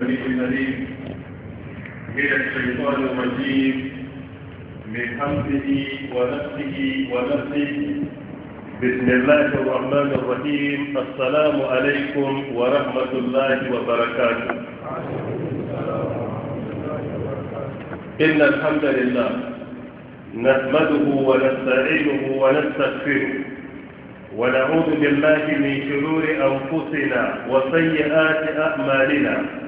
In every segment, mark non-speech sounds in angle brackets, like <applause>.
من الشيطان الرجيم من حمده ونفسه ونفسه بسم الله الرحمن الرحيم السلام عليكم ورحمة الله وبركاته إن الحمد لله نحمده ونستعينه ونستغفره ونعوذ بالله من شرور أنفسنا وسيئات أعمالنا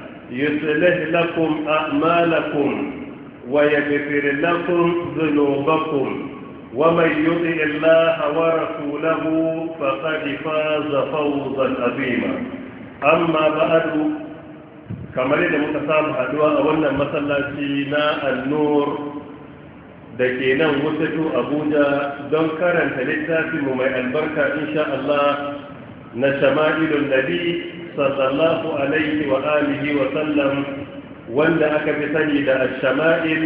يصلح لكم أعمالكم ويغفر لكم ذنوبكم ومن يطع الله ورسوله فقد فاز فوزا عظيما أما بعد كما لدى متسام حدوى أولا مثلا سيناء النور دكينا وسجو أبوجا دون كارن تلتا في ممي البركة إن شاء الله نشمائل النبي sallallahu alaihi wa alihi wa sallam wanda aka fi sani da al-shama'il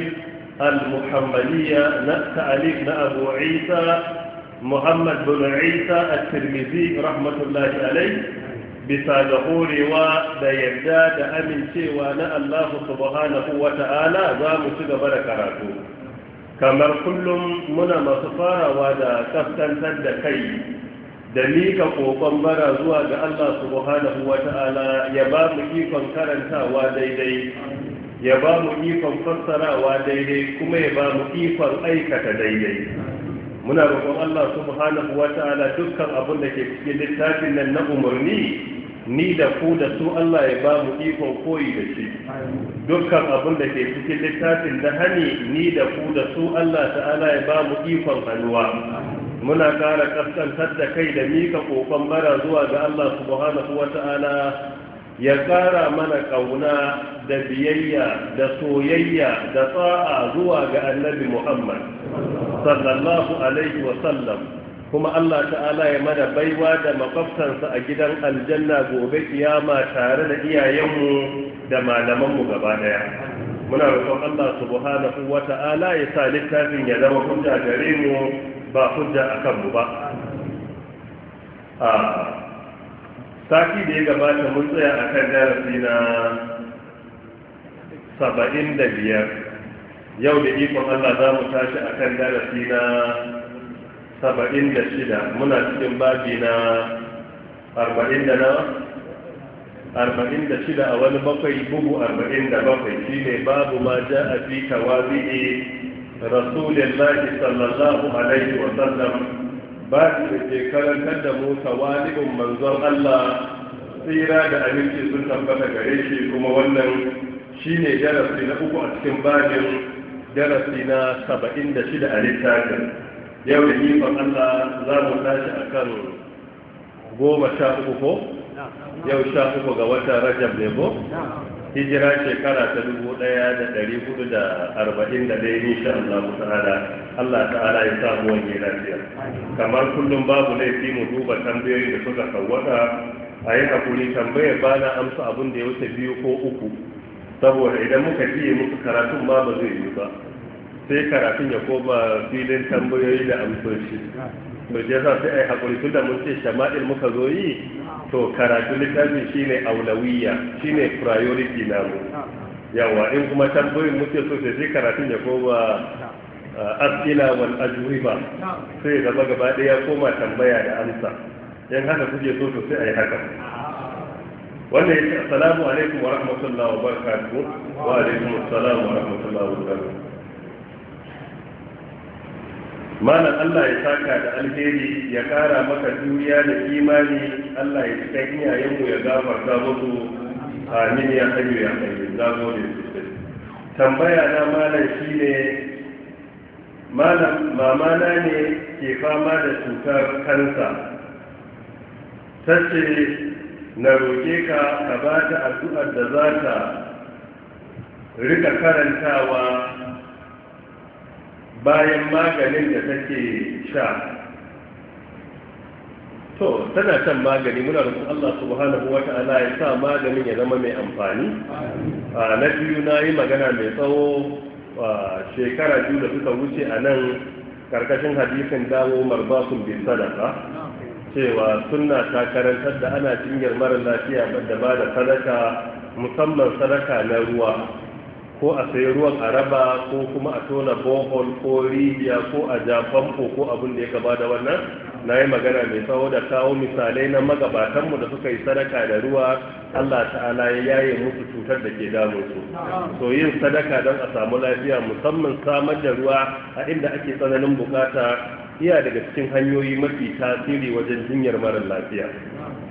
al-muhammadiyya na ta'alif na abu isa muhammad bin isa at-tirmidhi rahmatullahi alaihi bisa da horewa da yarda da amincewa na Allah subhanahu wa ta'ala za mu ci gaba da karatu kamar kullum muna masu farawa da kaskantar da kai da mika kokon bara zuwa ga Allah subhanahu wa ya ba mu ikon karantawa daidai ya ba mu ikon fassarawa daidai kuma ya ba mu ikon aikata daidai muna roƙon Allah subhanahu wa dukkan abin da ke cikin littafin nan na umarni ni da ku da su Allah ya ba mu ikon koyi da shi dukkan abin da ke cikin littafin da hani ni da ku da su Allah ta'ala ya ba mu ikon hannuwa muna ƙara ƙasƙantar da kai da mika ƙoƙon bara zuwa ga Allah subhanahu wa ta'ala ya ƙara mana ƙauna da biyayya da soyayya da tsa'a zuwa ga annabi Muhammad sallallahu alaihi kuma Allah ta'ala ya mana baiwa da makwabtansa a gidan aljanna gobe kiyama tare da iyayenmu da malamanmu gaba daya muna roƙon Allah subhanahu wa ta'ala ya sa littafin ya zama hujja gare mu ba hujja a kanmu ba a Saki da ya gabata mun tsaya a kan darasi na saba'in da biyar yau da ikon allah za mu tashi a kan darasi na saba'in da shida muna cikin babi na arba'in da na arba'in da shida a wani bakwai bugu arba'in da bakwai shi ne babu ma ja a fi tawazi'i رسول الله صلى الله عليه وسلم باقي ذكرن da mu tawali'un manzon Allah tsira da abinci sun tabbata gare shi kuma wannan shine darasi na uku a cikin babin darasi na 76 a littafin yau da ikon Allah za mu tashi kan goma sha uku ko yau sha uku ga watan rajab ne ko hijira shekara ta dubu ɗaya da ɗari hudu da arba'in da ɗaya insha Allah ta'ala Allah ta'ala ya sa mu wani lafiya kamar kullum babu laifi mu duba tambayoyin da suka kawwata a yi hakuri tambayar ba na amsa abin da ya wuce biyu ko uku saboda idan muka fiye musu karatun ma ba zai yi ba sai karatun ya koma filin tambayoyi da amsoshi to je sa sai ai hakuri tunda mun ce shama'il muka zo yi to karatu littafin shine aulawiya shine priority namu yawa in kuma tambayoyin muke so sai karatun ya koma uh, asila wal ajriba sai gaba gaba daya koma tambaya da amsa yan haka kuke so to sai ai haka wannan yake assalamu alaikum wa rahmatullahi wa barakatuh wa alaikum assalam wa rahmatullahi wa barakatuh malam Allah ya saka da alheri ya kara maka duniya da imani Allah ya cika iyayenmu ya gafarta musu amin ya hayyu ya hayyu da gode tambaya na malam shi malam mama na ne ke fama da cutar kansa tace na roke ka ka ba ta addu'ar da za ta rika karantawa bayan maganin da take sha to tana shan magani muna da Allah subhanahu wa ta'ala ya sa maganin ya zama mai amfani a na biyu na yi magana mai tsawo a shekara biyu da suka wuce a nan karkashin hadisin dawo marbasun bin sadaka cewa suna ta karantar da ana jinyar mara lafiya da ba da sadaka musamman sadaka na ruwa ko a sayi ruwan araba raba ko kuma a tona bohol ko rijiya ko a ja famfo ko abin da ya gaba da wannan na yi magana mai tsawo da kawo misalai na magabatanmu da suka yi sadaka da ruwa allah ta'ala ya yaye musu cutar da ke damun su so yin sadaka don a samu lafiya musamman samar da ruwa a inda ake tsananin bukata iya daga cikin hanyoyi mafi tasiri wajen jinyar mara lafiya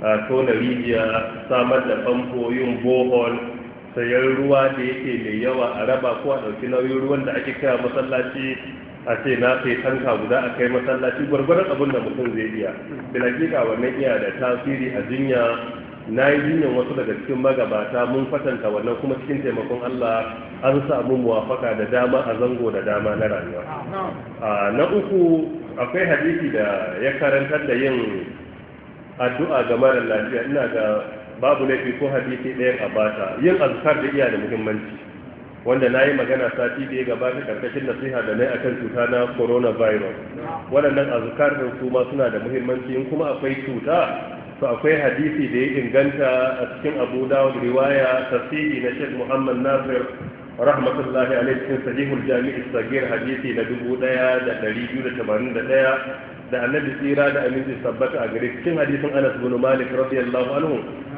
a tona rijiya samar da famfo yin bohol sayan ruwa da yake mai yawa a raba ko a ɗauki nauyin ruwan da ake kira masallaci a ce na sai tanka guda a kai masallaci gwargwaron abin da mutum zai iya kika wannan iya da tasiri a jinya na yi jinyan wasu daga cikin magabata mun fatanta wannan kuma cikin taimakon Allah an samu muwafaka da dama a zango da dama na rayuwa na uku akwai hadisi da ya karantar da yin addu'a ga mara lafiya ina ga babu laifi ko hadisi ɗayan a bata yin azkar da iya da muhimmanci wanda na yi magana sati da ya gabata karkashin nasiha da na akan cuta na coronavirus waɗannan azkar ɗin su ma suna da muhimmanci in kuma akwai cuta to akwai hadisi da ya inganta a cikin abu dawud riwaya tafsiri na shek muhammad nasir rahmatullahi alaihi cikin sahihul jami'i sagir hadisi na ɗaya da annabi tsira da aminci sabbata a gare cikin hadisin anas bin malik radiyallahu anhu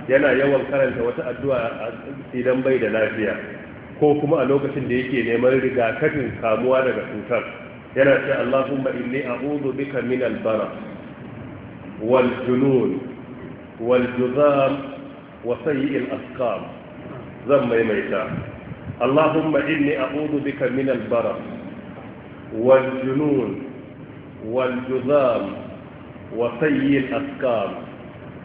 yana yawan karanta wata addu'a idan bai da lafiya ko kuma a lokacin da yake neman rigakafin kamuwa daga cutar yana ce Allahumma inni a'udhu bika min al-bara wal junun wal juzam wa sayyi al-asqam zan maimaita Allahumma inni a'udhu bika min al-bara wal junun wal juzam wa sayyi al-asqam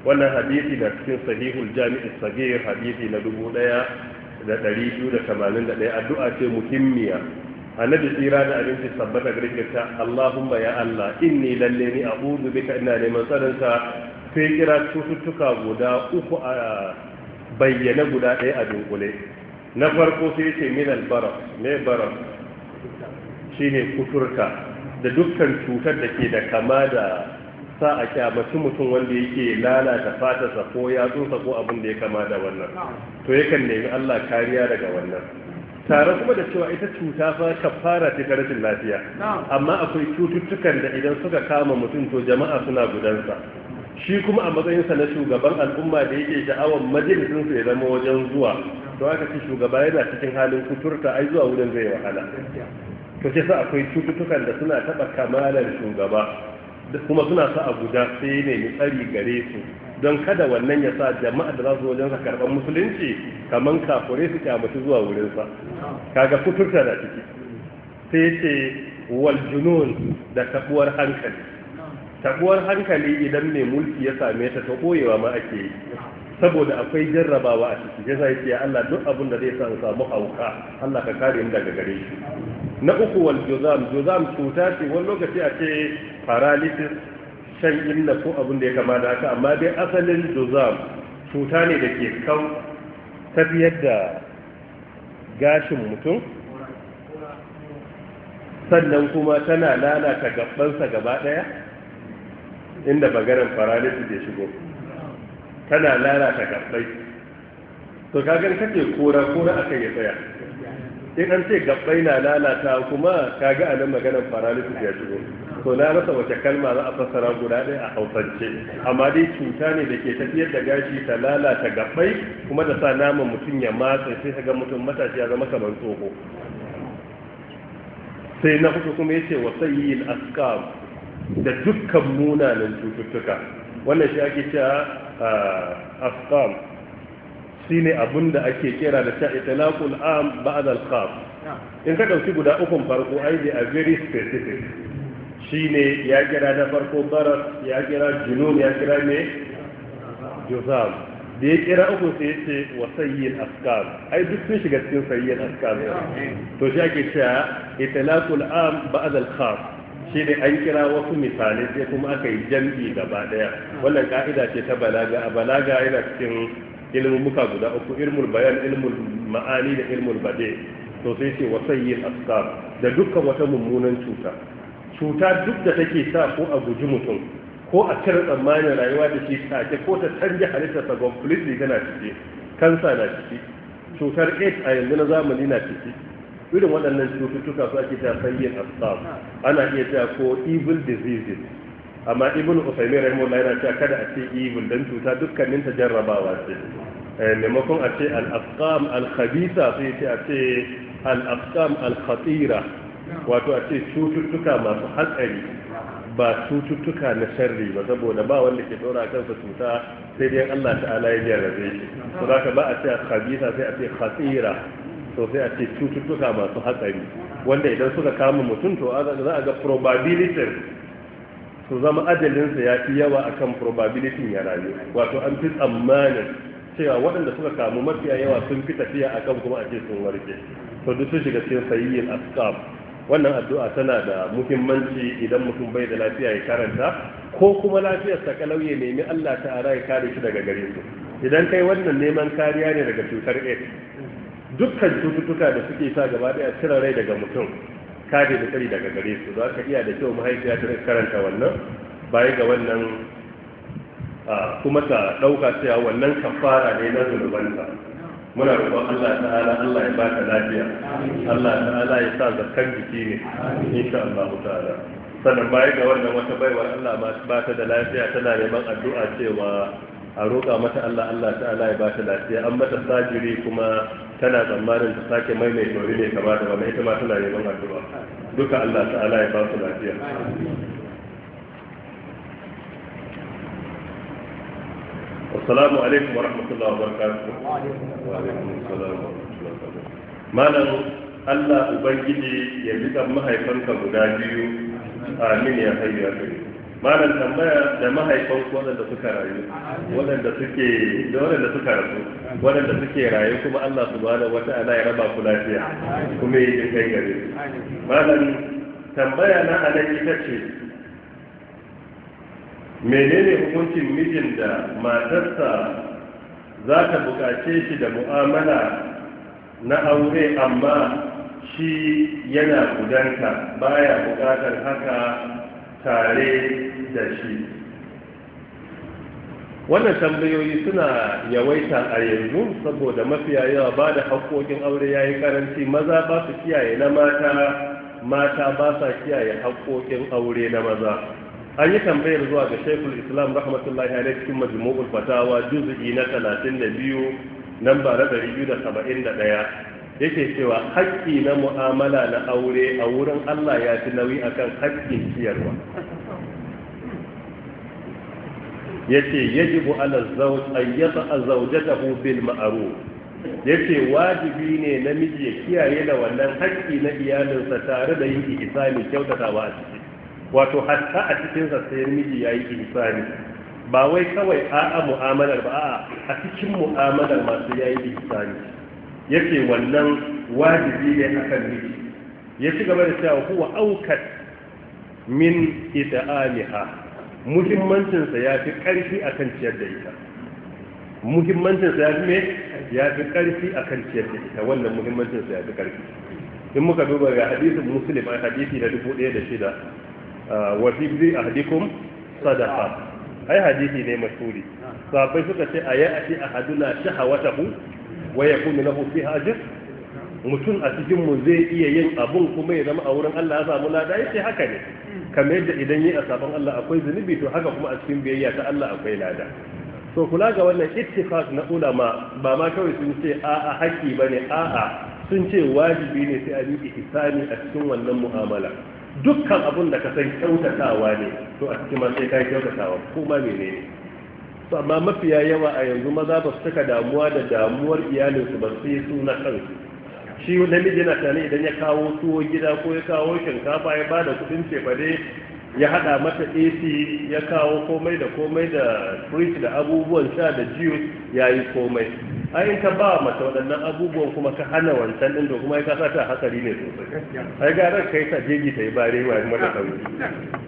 wannan hadisi na cikin sahihul jami'i sagir hadisi na 1281 addu'a ce muhimmiya annabi tsira da abinci sabbata gargarta Allahumma ya Allah inni lalle ni a'udhu bika ina neman tsarinka sai kira cututtuka guda uku a bayyana guda ɗaya a dunkule na farko sai ce min albara me bara shine kuturka da dukkan cutar da ke da kama da sa a kyamaci mutum wanda yake lalata fatarsa ko yatsunsa ko abin da ya kama da wannan to ya kan nemi Allah kariya daga wannan tare kuma da cewa ita cuta fa ka fara ta rashin lafiya amma akwai cututtukan da idan suka kama mutum to jama'a suna gudansa shi kuma a matsayinsa na shugaban al'umma da yake sha'awar su ya zama wajen zuwa to aka ce shugaba yana cikin halin kuturta ai zuwa wurin zai wahala to sai akwai cututtukan da suna taɓa kamalar shugaba kuma suna sa a guda sai ne mu tsari gare su don kada wannan ya sa jama'a da za su wajen karɓar musulunci kamar kafure su kyamaci zuwa wurinsa kaga kuturta da ciki sai ce wal junun da tabuwar hankali tabuwar hankali idan mai mulki ya same ta ta koyewa ma ake yi saboda akwai jarrabawa a ciki ya zai ya Allah duk abin da zai sa samu hauka Allah ka kare mu daga gare shi na uku wal juzam juzam cuta ce wani lokaci a ce paralysis shan inna ko abin da ya kama da haka amma dai asalin juzam cuta ne da ke kan tafiyar da gashin mutum sannan kuma tana lalata gabansa gaba daya inda bagaran paralysis ya shigo tana lalata gabai to kagan kake kora kora akan ya tsaya in an ce gabbai na lalata kuma kaga anan maganar paralysis ya shigo to na rasa wace kalma za a fassara guda ɗaya a hausance amma dai cuta ne da ke tafiyar da gashi ta lalata gabbai kuma da sa naman mutum ya matsa sai ka ga mutum matashi ya zama kamar tsoho sai na hudu kuma ya ce wa yin askam da dukkan munanan cututtuka wannan shi ake cewa ah, askam. ne abin da ake kira da ta itlaqul am ba'd al khas in ka dauki guda ukun farko ai da a very specific shi ne ya kira da farko barat ya kira junun ya kira ne juzam da ya kira uku sai ya ce wa sayyin askar ai duk sun shiga cikin sayyin askar to shi ake cewa itlaqul am ba'd al khas shi ne an kira wasu misalai sai kuma aka yi jam'i gaba daya wannan ka'ida ce ta balaga a balaga yana cikin ilimin muka guda uku ilmul bayan ilmul ma'ani da ilmul bade to sai ce wasayyin asqab da dukkan wata mummunan cuta cuta duk da take sa ko a guji mutum ko a cire tsammanin rayuwa da shi take ko ta canja halittarsa completely na ciki kansa na ciki cutar aids a yanzu na zamani na ciki irin waɗannan cututtuka su ake ta sayyin asqab ana iya ta ko evil diseases amma ibn usaimi rahimahullah yana cewa kada a ce evil dan cuta dukkanin ta jarrabawa ce eh, maimakon a ce al-afqam al-khabisa sai ce a ce al-afqam al-khatira wato a ce cututtuka masu hatsari ba cututtuka na sharri ba saboda ba wanda ke dora kansa cuta sai dai Allah ta'ala ya jarrabe shi to zaka ba a ce khabisa sai a ce khatira to sai a ce cututtuka masu hatsari wanda idan suka kama mutum to za a ga probability Su zama ajalinsa ya fi yawa akan probability ya rayu wato an fi tsammanin cewa waɗanda suka kamu mafiya yawa sun fi tafiya akan kuma a ce sun warke to duk sun shiga cikin sayyin asqab wannan addu'a tana da muhimmanci idan mutum bai da lafiya ya karanta ko kuma lafiyarsa sa ya nemi Allah ta ara ya kare shi daga gare su idan kai wannan neman kariya ne daga cutar AIDS dukkan cututtuka da suke sa gaba daya cire rai daga mutum kare da kari daga gare su za ka iya da kyau mahaifiya ta karanta wannan baya ga wannan kuma ta ɗauka cewa wannan kafara ne na zulubanta muna roƙon Allah ta'ala Allah ya baka lafiya Allah ta'ala ya sa zakkan jiki ne insha Allah ta'ala sannan baya ga wannan wata baiwar Allah ba ta da lafiya tana neman addu'a cewa a roƙa mata Allah Allah ta'ala ya bata lafiya an mata sajiri kuma tana tsammanin ta sake mai mai tori ne kama da wani ita ma tana neman addu'a duka Allah ta'ala ya ba su lafiya assalamu alaikum wa rahmatullahi wa barakatuh wa alaikum assalam wa rahmatullahi wa barakatuh malam Allah ubangiji ya bi mahaifanka guda biyu amin ya hayya kai malam tambaya da mahaifan waɗanda suka rayu waɗanda suke da waɗanda suka rasu waɗanda suke rayu kuma Allah subhanahu wata'ala ya raba ku lafiya kuma ya yi kai gare malam tambaya na anan ita ce menene hukuncin mijin da matarsa za ta buƙace shi da mu'amala na aure amma shi yana gudanta baya buƙatar haka tare da shi wannan tambayoyi suna yawaita a yanzu saboda mafiya yawa ba da haƙoƙin aure ya yi karanci maza ba su kiyaye na mata mata ba sa kiyaye haƙoƙin aure na maza an yi tambayar zuwa ga shekul islam rahmatullahi alaihi cikin majmu'ul fatawa juz'i na 32 namba na 271 yake cewa haƙƙi na mu'amala na aure a wurin Allah ya fi nauyi akan haƙƙin ciyarwa yace yajibu ala zawj an yata zawjatahu bil ma'ruf yace wajibi ne namiji ya kiyaye da wannan haƙƙi na iyalinsa tare da yin ihsani kyautatawa a ciki wato hatta a cikin sa sai miji yayi ihsani ba wai kawai a'a mu'amalar ba a'a a cikin mu'amalar masu yayi ihsani yake wannan wajibi ne a kan miki ya ci gaba da cewa huwa aukat min muhimmancinsa muhimmancin sa ƙarfi karfi akan ciyar da ita muhimmancin sa fi me ƙarfi karfi akan ciyar da ita wannan muhimmancin sa fi karfi in muka duba ga hadisin muslim a hadisi na 1006 wa fi bi ahdikum sadaqa ai hadisi ne masuri sabai suka ce a ya'ati ahaduna shahawatahu wa kuma na fiha ajr mutum a cikin mu zai iya yin abun kuma ya zama a wurin Allah ya samu lada ce haka ne kamar yadda idan yi a sabon Allah akwai zunubi to haka kuma a cikin biyayya ta Allah akwai lada so kula ga wannan ittifaq na ulama ba ma kawai sun ce a'a haƙi bane a'a sun ce wajibi ne sai a yi ihsani a cikin wannan mu'amala dukkan abun da ka san kyautatawa ne to a cikin ma sai ka kyautatawa kuma menene amma mafiya yawa a yanzu maza ba su cika damuwa da damuwar iyalinsu ba sai su na kan shi namiji na tani idan ya kawo tuwo gida ko ya kawo shinkafa ya bada kudin cefane ya hada mata ac ya kawo komai da komai da fridge da abubuwan sha da juice ya yi komai ai ta ba mata waɗannan abubuwan kuma ka hana wancan ɗin da kuma ya kasa ta hatsari ne sosai ai gara kai ta jeji ta yi bare wa mata sauri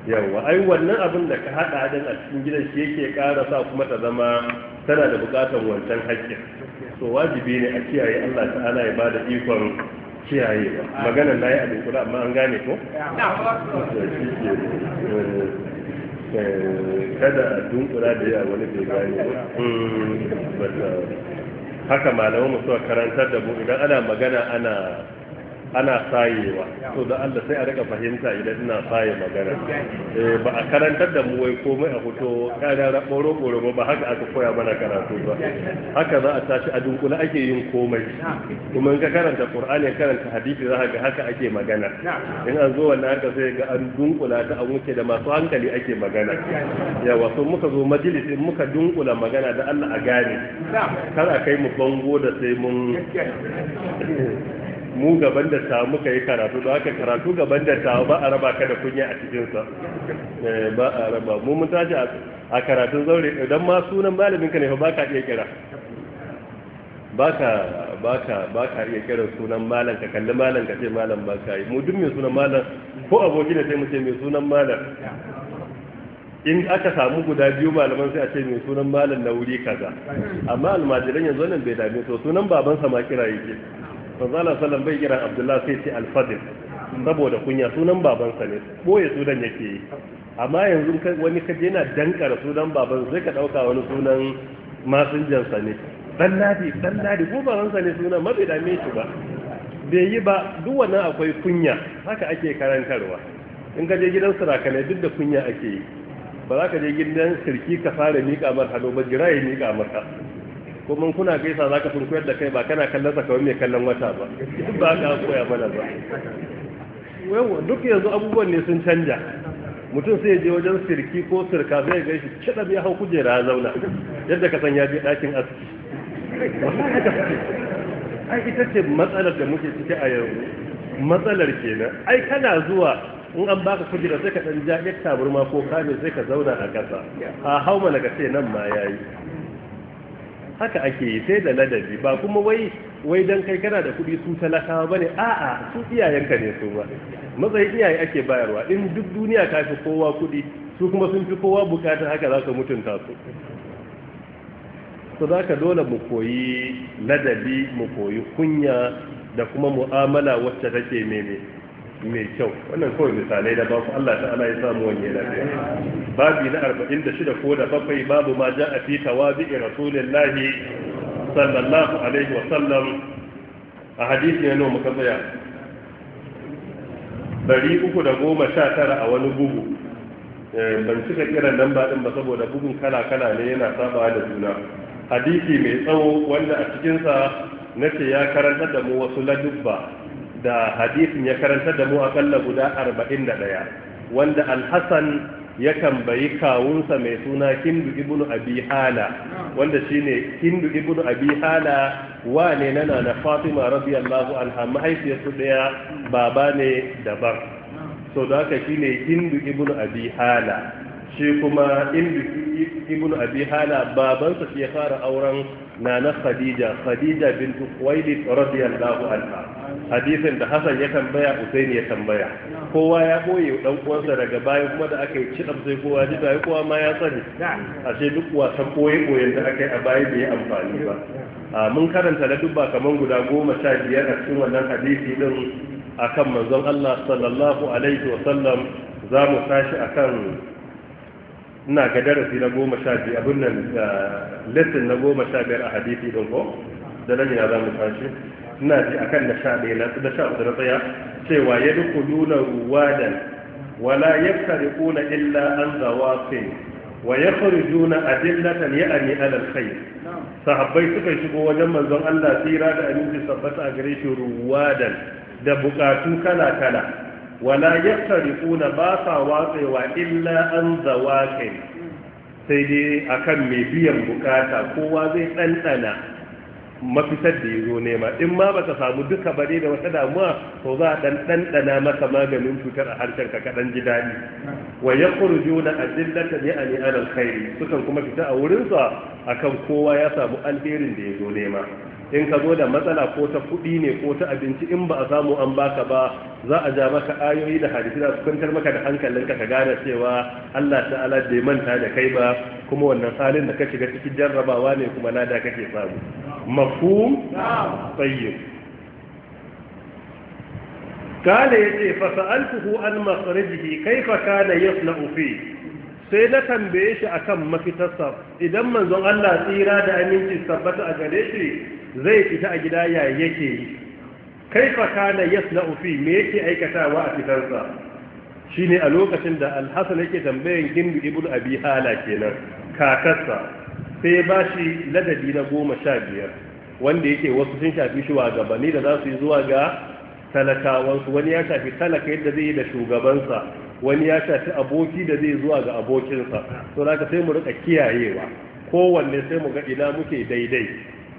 yawa ai wannan abin da ka hada din a cikin gidan shi yake ƙara sa kuma ta zama tana da buƙatar wancan haƙƙin so wajibi ne a kiyaye Allah ta'ala ya ba da ikon Kiyaye, maganar na yi a dunkula amma an gane ko? Eh, kada a dunkula da yawa wani bai gane hmm. haka malamai musu karantar da buɗe idan ana magana ana ana sayewa to da Allah sai a rika fahimta idan ina saye magana eh, ba a karantar da mu wai komai a hoto kada boro boro ba haka aka koya mana karatu ba haka za a tashi a dunkula ake yin komai kuma in ka karanta Qur'ani karanta hadisi za ka ga haka ake magana in an zo wannan haka sai ga an dunkula ta an wuce da masu hankali ake magana yawa sun muka zo majalisin muka dunkula magana da Allah a gane kar a kai mu bango da sai mun mu gaban da ta muka yi karatu da aka karatu gaban da ta ba a raba ka da kunya a cikinsa eh, ba a raba mu mun tashi a karatun zaure idan ma sunan malamin ka ne ba ka iya kira ba ka ba ka ba ka iya kira sunan malam ka kalli malam ka ce malam ba ka yi mu duk mai sunan malam ko aboki da sai mu ce mai sunan malam in aka samu guda biyu malaman sai a ce mai sunan malam na wuri kaza amma almajiran yanzu nan bai dame to sunan babansa ma kira yake manzala salam bai kira abdullah sai ce alfadir saboda kunya sunan babansa ne boye sunan yake yi amma yanzu wani kaje yana dankara sunan baban sai ka dauka wani sunan masinjansa ne Ɗanladi, ɗanladi, ko babansa ne sunan ma dame shi ba bai yi ba duk wannan akwai kunya haka ake karantarwa in ka je gidan ne duk da kunya ake yi ba za ka je gidan sirki ka fara miƙa mar hannu ba jira ya miƙa maka mun kuna gaisa za ka sunkuyar da kai ba kana kallon sakawar mai kallon wata ba <laughs> ba ka koya mana ba yawa duk yanzu abubuwan ne sun canja mutum sai je wajen sirki ko sirka zai ga shi kiɗa ya hau kujera ya zauna yadda ka san ya je ɗakin aski ai ita ce matsalar da muke ciki a yanzu matsalar kenan ai kana zuwa in an baka kujera sai ka dan ja taburma ko kame sai ka zauna a kasa a hau mana ka ce nan ma yayi haka ake yi sai da ladabi ba kuma wai wai dan kai kana da kuɗi su talakawa bane a'a su iyayenka ne su ba matsayin iyaye ake bayarwa in duk duniya ta fi kowa kuɗi su kuma sun fi kowa bukatar haka za ka mutunta su su za ka dole mu koyi ladabi mu koyi kunya da kuma mu'amala wacce take mene mai kyau wannan kawai misalai da babu Allah ta'ala ya samu wani lafiya babi na shida ko da bakwai babu ma ja a fi tawabi rasulillahi sallallahu alaihi wa sallam a hadisi ne mu sha 319 a wani bugu eh, ban cika kiran nan baɗin ba saboda bugun kala kala ne yana saba da juna hadisi mai tsawo wanda a cikinsa nake ya karanta da mu wasu ladubba da hadisin ya karantar da mu akalla guda 41 wanda Alhassan ya tambayi kawunsa mai suna hindu ibn abi hala wanda shine hindu ibn abi hala wane nana na fatima radiyallahu anha mahaifiyarsu daya baba ne dabar. so da haka shine hindu ibn abi hala shi kuma hindu ibn abi hala babansa shi ya fara auren nana khadija khadija bintu khuwailid radiyallahu anha hadisin da Hassan ya tambaya Usain ya tambaya kowa ya boye dan uwansa daga baya kuma da aka yi cidam sai kowa ji da kowa ma ya sani a sai duk wasan boye boyen da aka yi a baya bai amfani ba mun karanta da dubba kaman guda goma sha biyar a cikin wannan hadisi din akan manzon Allah sallallahu alaihi wa sallam za mu tashi akan ina ga darasi na goma sha biyar abin nan eh, lesson na goma sha biyar a hadisi din ko da nan ina za mu tashi ina ji akan da sha ɗaya na da sha uku na tsaya cewa ya duk nuna ruwadan wala ya kuna illa an zawa wa ya farjuna adillatan ya ani alal khair sahabbai suka shigo wajen manzon Allah tsira da aminci sabbata a gare shi ruwadan da bukatu kala kala wala yaqtarifuna ba sa watsewa illa an zawakin sai dai akan mai biyan bukata kowa zai ɗanɗana mafitar da ya zo nema in ma ba ka samu duka bare da wata damuwa to za a ɗanɗana masa maka maganin cutar a harshen ka kaɗan ji dadi wa yakhrujuna ne a ala kairi sukan kuma fita a wurinsa a akan kowa ya samu alherin da ya zo nema in ka zo da matsala ko ta kuɗi ne ko ta abinci in ba a samu an baka ba za a ja maka ayoyi da hadisi da su kwantar maka da hankalin ka gane cewa Allah ta'ala bai manta da kai ba kuma wannan halin da ka shiga cikin jarrabawa ne kuma lada kake samu mafhum tayyib kale yace fa sa'altuhu an makharijihi kaifa kana yasna'u fi sai na tambaye shi akan mafitarsa idan manzon Allah tsira da aminci tabbata a gare shi zai fita a gida ya yake yi Kai Fakana yas na fi me yake aikatawa a fitarsa shine a lokacin da alhassan yake tambayan gindu ibnu abi hala kenan kakarsa sai ba shi ladabi na goma sha biyar wanda yake wasu sun shafi shi wa gabani da za su yi zuwa ga talakawansu wani ya shafi talaka yadda zai yi da shugabansa wani ya shafi aboki da zai zuwa ga abokinsa to ka sai mu rika kiyayewa kowanne sai mu ga ina muke daidai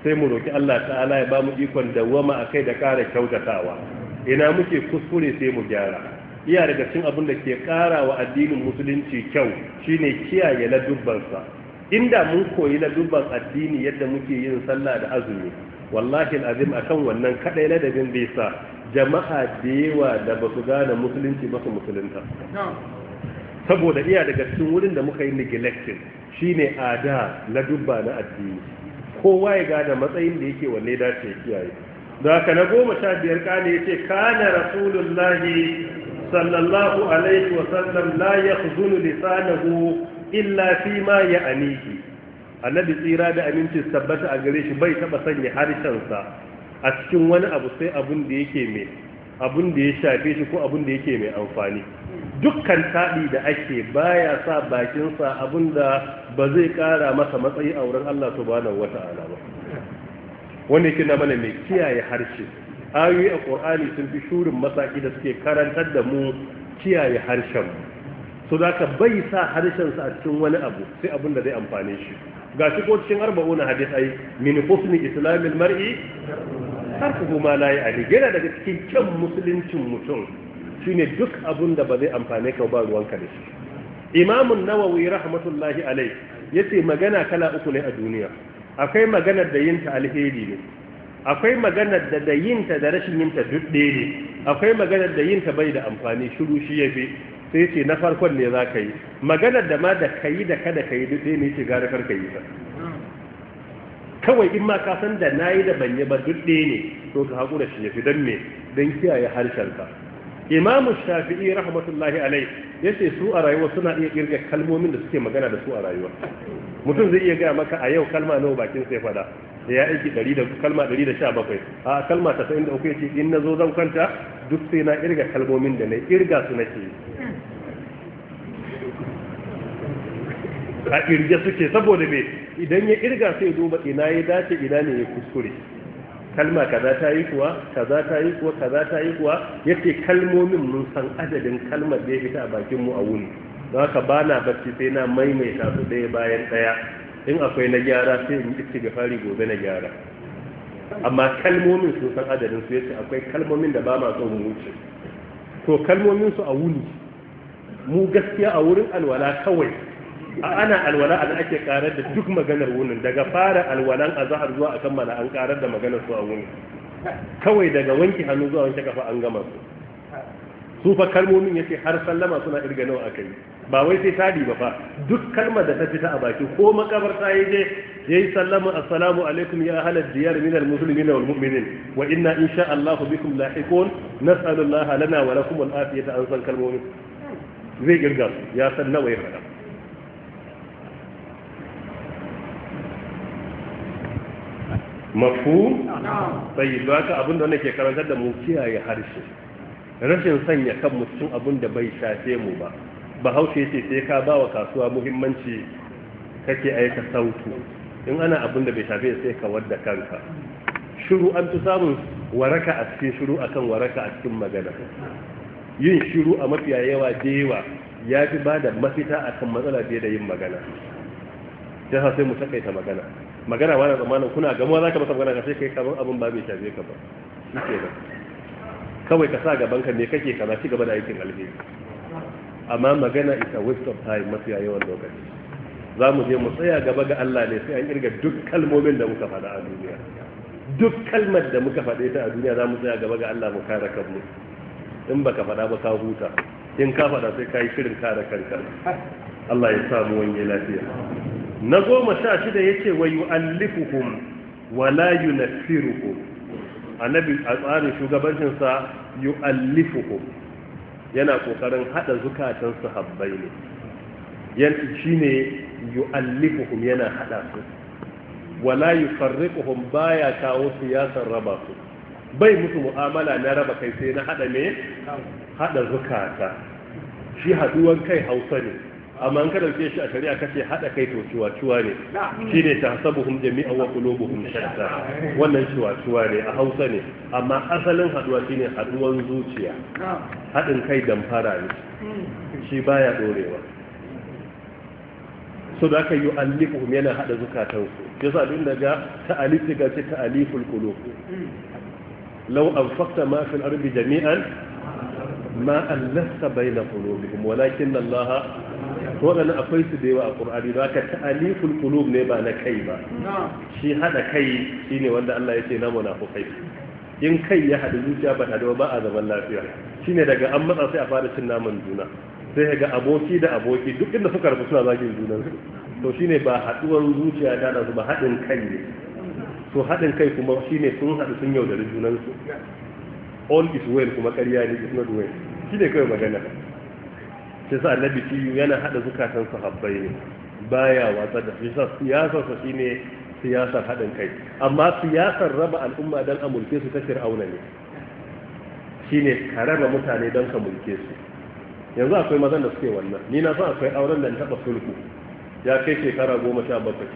sai mu roki Allah ta'ala ya ba mu ikon dawwama akai da ƙara kyautatawa ina muke kuskure sai mu gyara iya daga cikin abin da ke ƙara wa addinin musulunci kyau shine kiyaye ladubbansa inda mun koyi ladubban addini yadda muke yin sallah da azumi wallahi alazim akan wannan kadai ladabin bai sa jama'a da yawa da ba su gane musulunci ba su musulunta saboda iya daga cikin wurin da muka yi neglecting shine ada ladubba na addini kowa ya gane matsayin da yake wanne dace ya kiyaye da haka na goma sha biyar kane ya ce kana rasulullahi sallallahu alaihi wa sallam! la ya zunu lisanahu illa fi ma ya aniki annabi tsira da aminci tabbata a gare shi bai taba sanya harshen sa a cikin wani abu sai abun da yake mai abun da ya shafe shi ko abun da yake mai amfani dukkan taɗi da ake baya sa bakinsa abinda ba zai ƙara masa matsayi a wurin Allah subhanahu wata'ala ba wanda yake na mana mai kiyaye harshe ayoyi a ƙur'ani sun fi shurin masaki da suke karantar da mu kiyaye harshen so za ka bai sa harshen harshensa a cikin wani abu sai abin da zai amfane shi ga shi ko cikin arba'una hadis ai min husni islamil mar'i harfuhu ma la ya'ni gina daga cikin kyan musuluncin mutum shine duk abun da ba zai amfane ka ba ruwanka da shi imamun nawawi rahmatullahi alai yace magana kala uku ne a duniya akwai maganar da yinta alheri ne akwai maganar da da yinta da rashin yinta duk ɗaya ne akwai maganar da yinta bai da amfani shiru shi fi sai ce na farkon ne za ka yi maganar da ma da ka yi da kada ka yi duk ɗaya ne ce gara kar ka yi ta kawai in ma ka san da na yi da ban yi ba duk ɗaya ne to ka haƙura shi yafi don me don kiyaye harshen ka. imamu shafi'i rahmatullahi alai ya ce su a rayuwa suna iya kirga kalmomin da suke magana da su a rayuwa mutum zai iya gaya maka a yau kalma nawa bakin sai fada ya aiki 100 da kalma 117 a kalma 93 ya ce in nazo zan kwanta duk sai na kirga kalmomin da na kirga su nake a kirge suke saboda me idan ya kirga sai duba ina ya dace ina ne ya kuskure kalma kaza ta yi kuwa kaza ta yi kuwa kaza ta yi kuwa yace kalmomin mun san adadin kalmar da yake a bakin mu a wuni don haka ba na barci sai na maimaita su ɗaya bayan ɗaya in akwai na gyara sai in ci fari gobe na gyara amma kalmomin sun san adadin su yace akwai kalmomin da ba ma son mu wuce to kalmomin su a wuni mu gaskiya a wurin alwala kawai a ana alwala a ake karar da duk maganar wunin daga fara alwalan a zahar zuwa a kammala an karar da maganar su a wunin kawai daga wanki hannu zuwa wanke kafa an gama su su fa kalmomin yace har sallama suna irga nawa akai ba wai sai tadi ba fa duk kalma da ta fita a baki ko makabarta yi je yayi sallama assalamu alaikum ya ahla diyar min musulmi wal mu'minin wa inna insha Allah bikum lahiqun nas'alullaha lana wa lakum al afiyata an san kalmomin zai irga ya san nawa ya fada mafu sai da haka abin da ke karantar da mu kiyaye harshe rashin sanya kan cikin abin da bai shafe mu ba bahaushe ce sai ka ba wa kasuwa muhimmanci kake aika sautu in ana abin da bai shafe sai ka wadda kanka shiru an fi samun waraka a cikin shiru akan waraka a cikin magana yin shiru a mafiya yawa da yawa ya fi ba mafita akan matsala da yin magana ta sai mu takaita magana magana ba na zamanin kuna gamuwa za ka masa magana kashe kai kamar abin ba bai shafe ka ba shi ke kawai ka sa gaban ka ne kake kana ci gaba da aikin alheri amma magana ita a waste of time mafiya yawan lokaci za mu je mu tsaya gaba ga Allah ne sai an kirga duk kalmomin da muka faɗa a duniya duk kalmar da muka faɗe ta a duniya za mu tsaya gaba ga Allah mu kare kanmu in baka faɗa ba ka huta in ka faɗa sai ka yi shirin kare kanka Allah ya samu wani lafiya na goma sha shida ya ce wa yu'allifuhum wa la na annabi a tsarin shugabancinsa yu'allifuhum yana kokarin haɗa zukatan Habbai ne yanki shine yu'allifuhum yana haɗa su wala ba ya kawo siyasar raba su bai musu mu'amala na raba kai sai na haɗa ne haɗa zukata shi haɗuwan kai Hausa ne amma an kada dauke shi a shari'a kace hada kai to ciwa ciwa ne ta tahsabuhum jami'an wa qulubuhum shatta wannan ciwa ciwa ne a Hausa ne amma asalin haduwa shine haduwan zuciya hadin kai damfara ne hmm. shi baya dorewa so da kai yi yana hada zukatansu yasa duk da ga ta'alif ga ta'aliful qulub hmm. law anfaqta ma fil ardi jami'an ma allasta baina qulubihim walakin Allah to dan akwai su da yawa a Qur'ani ba ka ta'aliful qulub ne ba na kai ba shi hada kai shine wanda Allah yake na munafiqai in kai ya haɗu zuciya ba da ba a zaman lafiya shine daga an matsa sai a fara cin naman juna sai ga aboki da aboki duk inda suka rufu suna zagin junan su to shine ba haduwar zuciya da ba hadin kai ne to hadin kai kuma shine sun hadu sun yaudari junan all is well kuma ƙarya ne is not well shi ne kawai magana shi sa annabi shi yana hada zukatan sahabbai ne baya watsa da shi sa siyasarsa shi ne siyasar haɗin kai amma siyasar raba al'umma dan a mulke su ta fir'auna ne shi ne ka raba mutane don ka mulke su yanzu akwai mazan da suke wannan ni na san akwai auren da taɓa sulhu ya kai shekara goma sha bakwai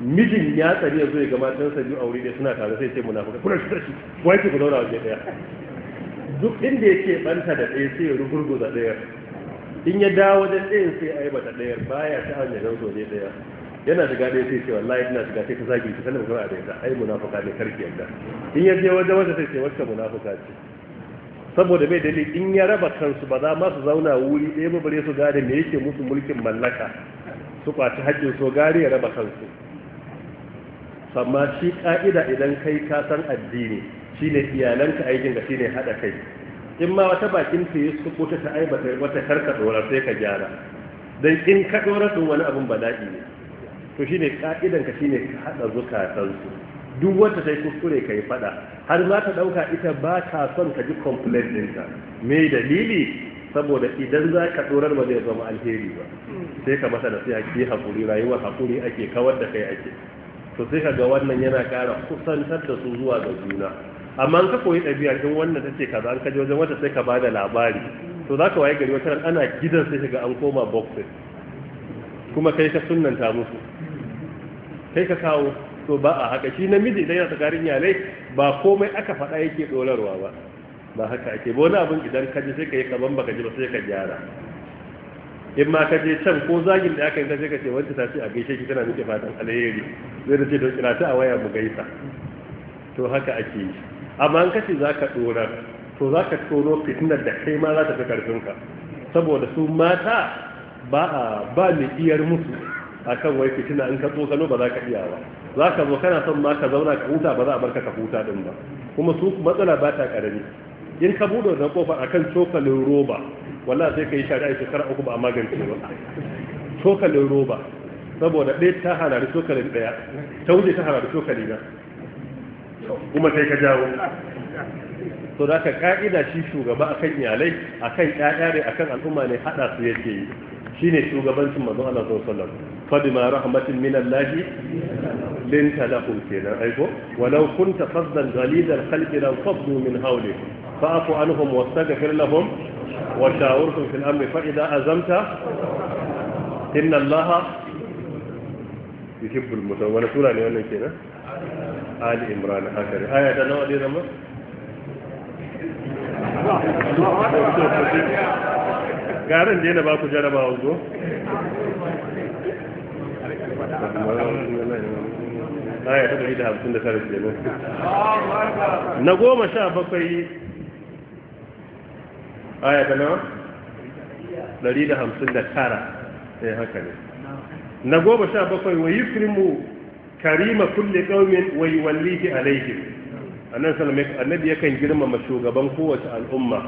mijin ya tsari ya zo ya gama sa biyu a wuri suna tare sai ce munafuka. kuna shi tashi wai ke ku zauna waje daya. duk inda yake banta da ɗaya sai ya da ɗaya in ya dawo wajen ɗayan sai ya aibata bata ɗaya baya ta hanyar don soje ɗaya yana shiga ɗaya sai ce wallahi ina shiga sai ka zagi ta sanin kuma a ɗaya ta ai munafuka ne karki yadda in ya je wajen wajen sai ce wacce munafuka ce saboda bai dalili in ya raba kansu ba za ma su zauna wuri ɗaya ba bare su gane me yake musu mulkin mallaka su kwaci haƙƙin so gari ya raba kansu amma shi ka'ida idan kai ka san addini shine iyalanka aikin ka shine hada kai in ma wata bakin ta yi suko ta aibata wata karka dora sai ka gyara dan in ka dora din wani abun bala'i ne to shine ka'idan ka shine ka hada zukatan su duk wata sai kuskure kai faɗa. fada har za ta dauka ita ba ka son ka ji complaint ɗinka me dalili saboda idan za ka dorar ba zai zama alheri ba sai ka masa nasiha ki hakuri rayuwar hakuri ake kawar da kai ake to sai kaga wannan yana kara kusantar da su zuwa ga juna amma an ka koyi ɗabi'a in wannan ta ce kaza an kaje wajen wata sai ka ba da labari to za ka waye gari wata ana gidan sai kaga an koma boxing kuma kai ka sunanta musu kai ka kawo to ba a haka shi namiji idan yana tsakarin yalai ba komai aka faɗa yake ɗorarwa ba ba haka ake ba wani abin idan ka ji sai ka yi kaban baka ji ba sai ka gyara in ma ka je can ko zagin da aka yi ta ka ce wanda ta ce a gaishe ki tana miki fatan alheri zai da ce don kira ta a waya mu gaisa to haka ake yi amma an kace za ka dora to za ka tsoro fitinar da kai ma za ta fi karfinka saboda su mata ba a ba mai iyar musu akan wai fitina in ka tsokano ba za ka iya ba za ka zo kana son ma ka zauna ka huta ba za a bar ka huta din ba kuma su matsala ba ta karami in ka bude wannan kofar akan cokalin roba wallahi sai ka yi shari'a shekara uku ba a magance ba cokalin roba saboda ɗaya ta harari cokalin ɗaya ta wuce ta harari cokali na kuma sai ka jawo to da ka ka'ida shi shugaba akan iyalai akan ƴaƴa ne akan al'umma ne hada su yake yi shine shugabancin manzo Allah sallallahu alaihi wasallam fa bima rahmatin min Allah linta lahum kenan aiko walau kunta fazzan ghalidal khalqi lan faddu min hawli fa'fu anhum wastaghfir lahum وشاوركم في الأمر فإذا أزمت إن الله يحب المتوكلين ونسولة سورة لأنه كنا آل إمران هكذا آية نوع دي رمى قارن دينا yana ba وضو آية wanzo aya ta 159 kenan na goma aya ta nawa 159 eh haka ne na goma sha bakwai wa yukrimu karima kulle ƙaumin wa yuwallihi alaihim annabi sallallahu annabi yakan girmama shugaban kowace al'umma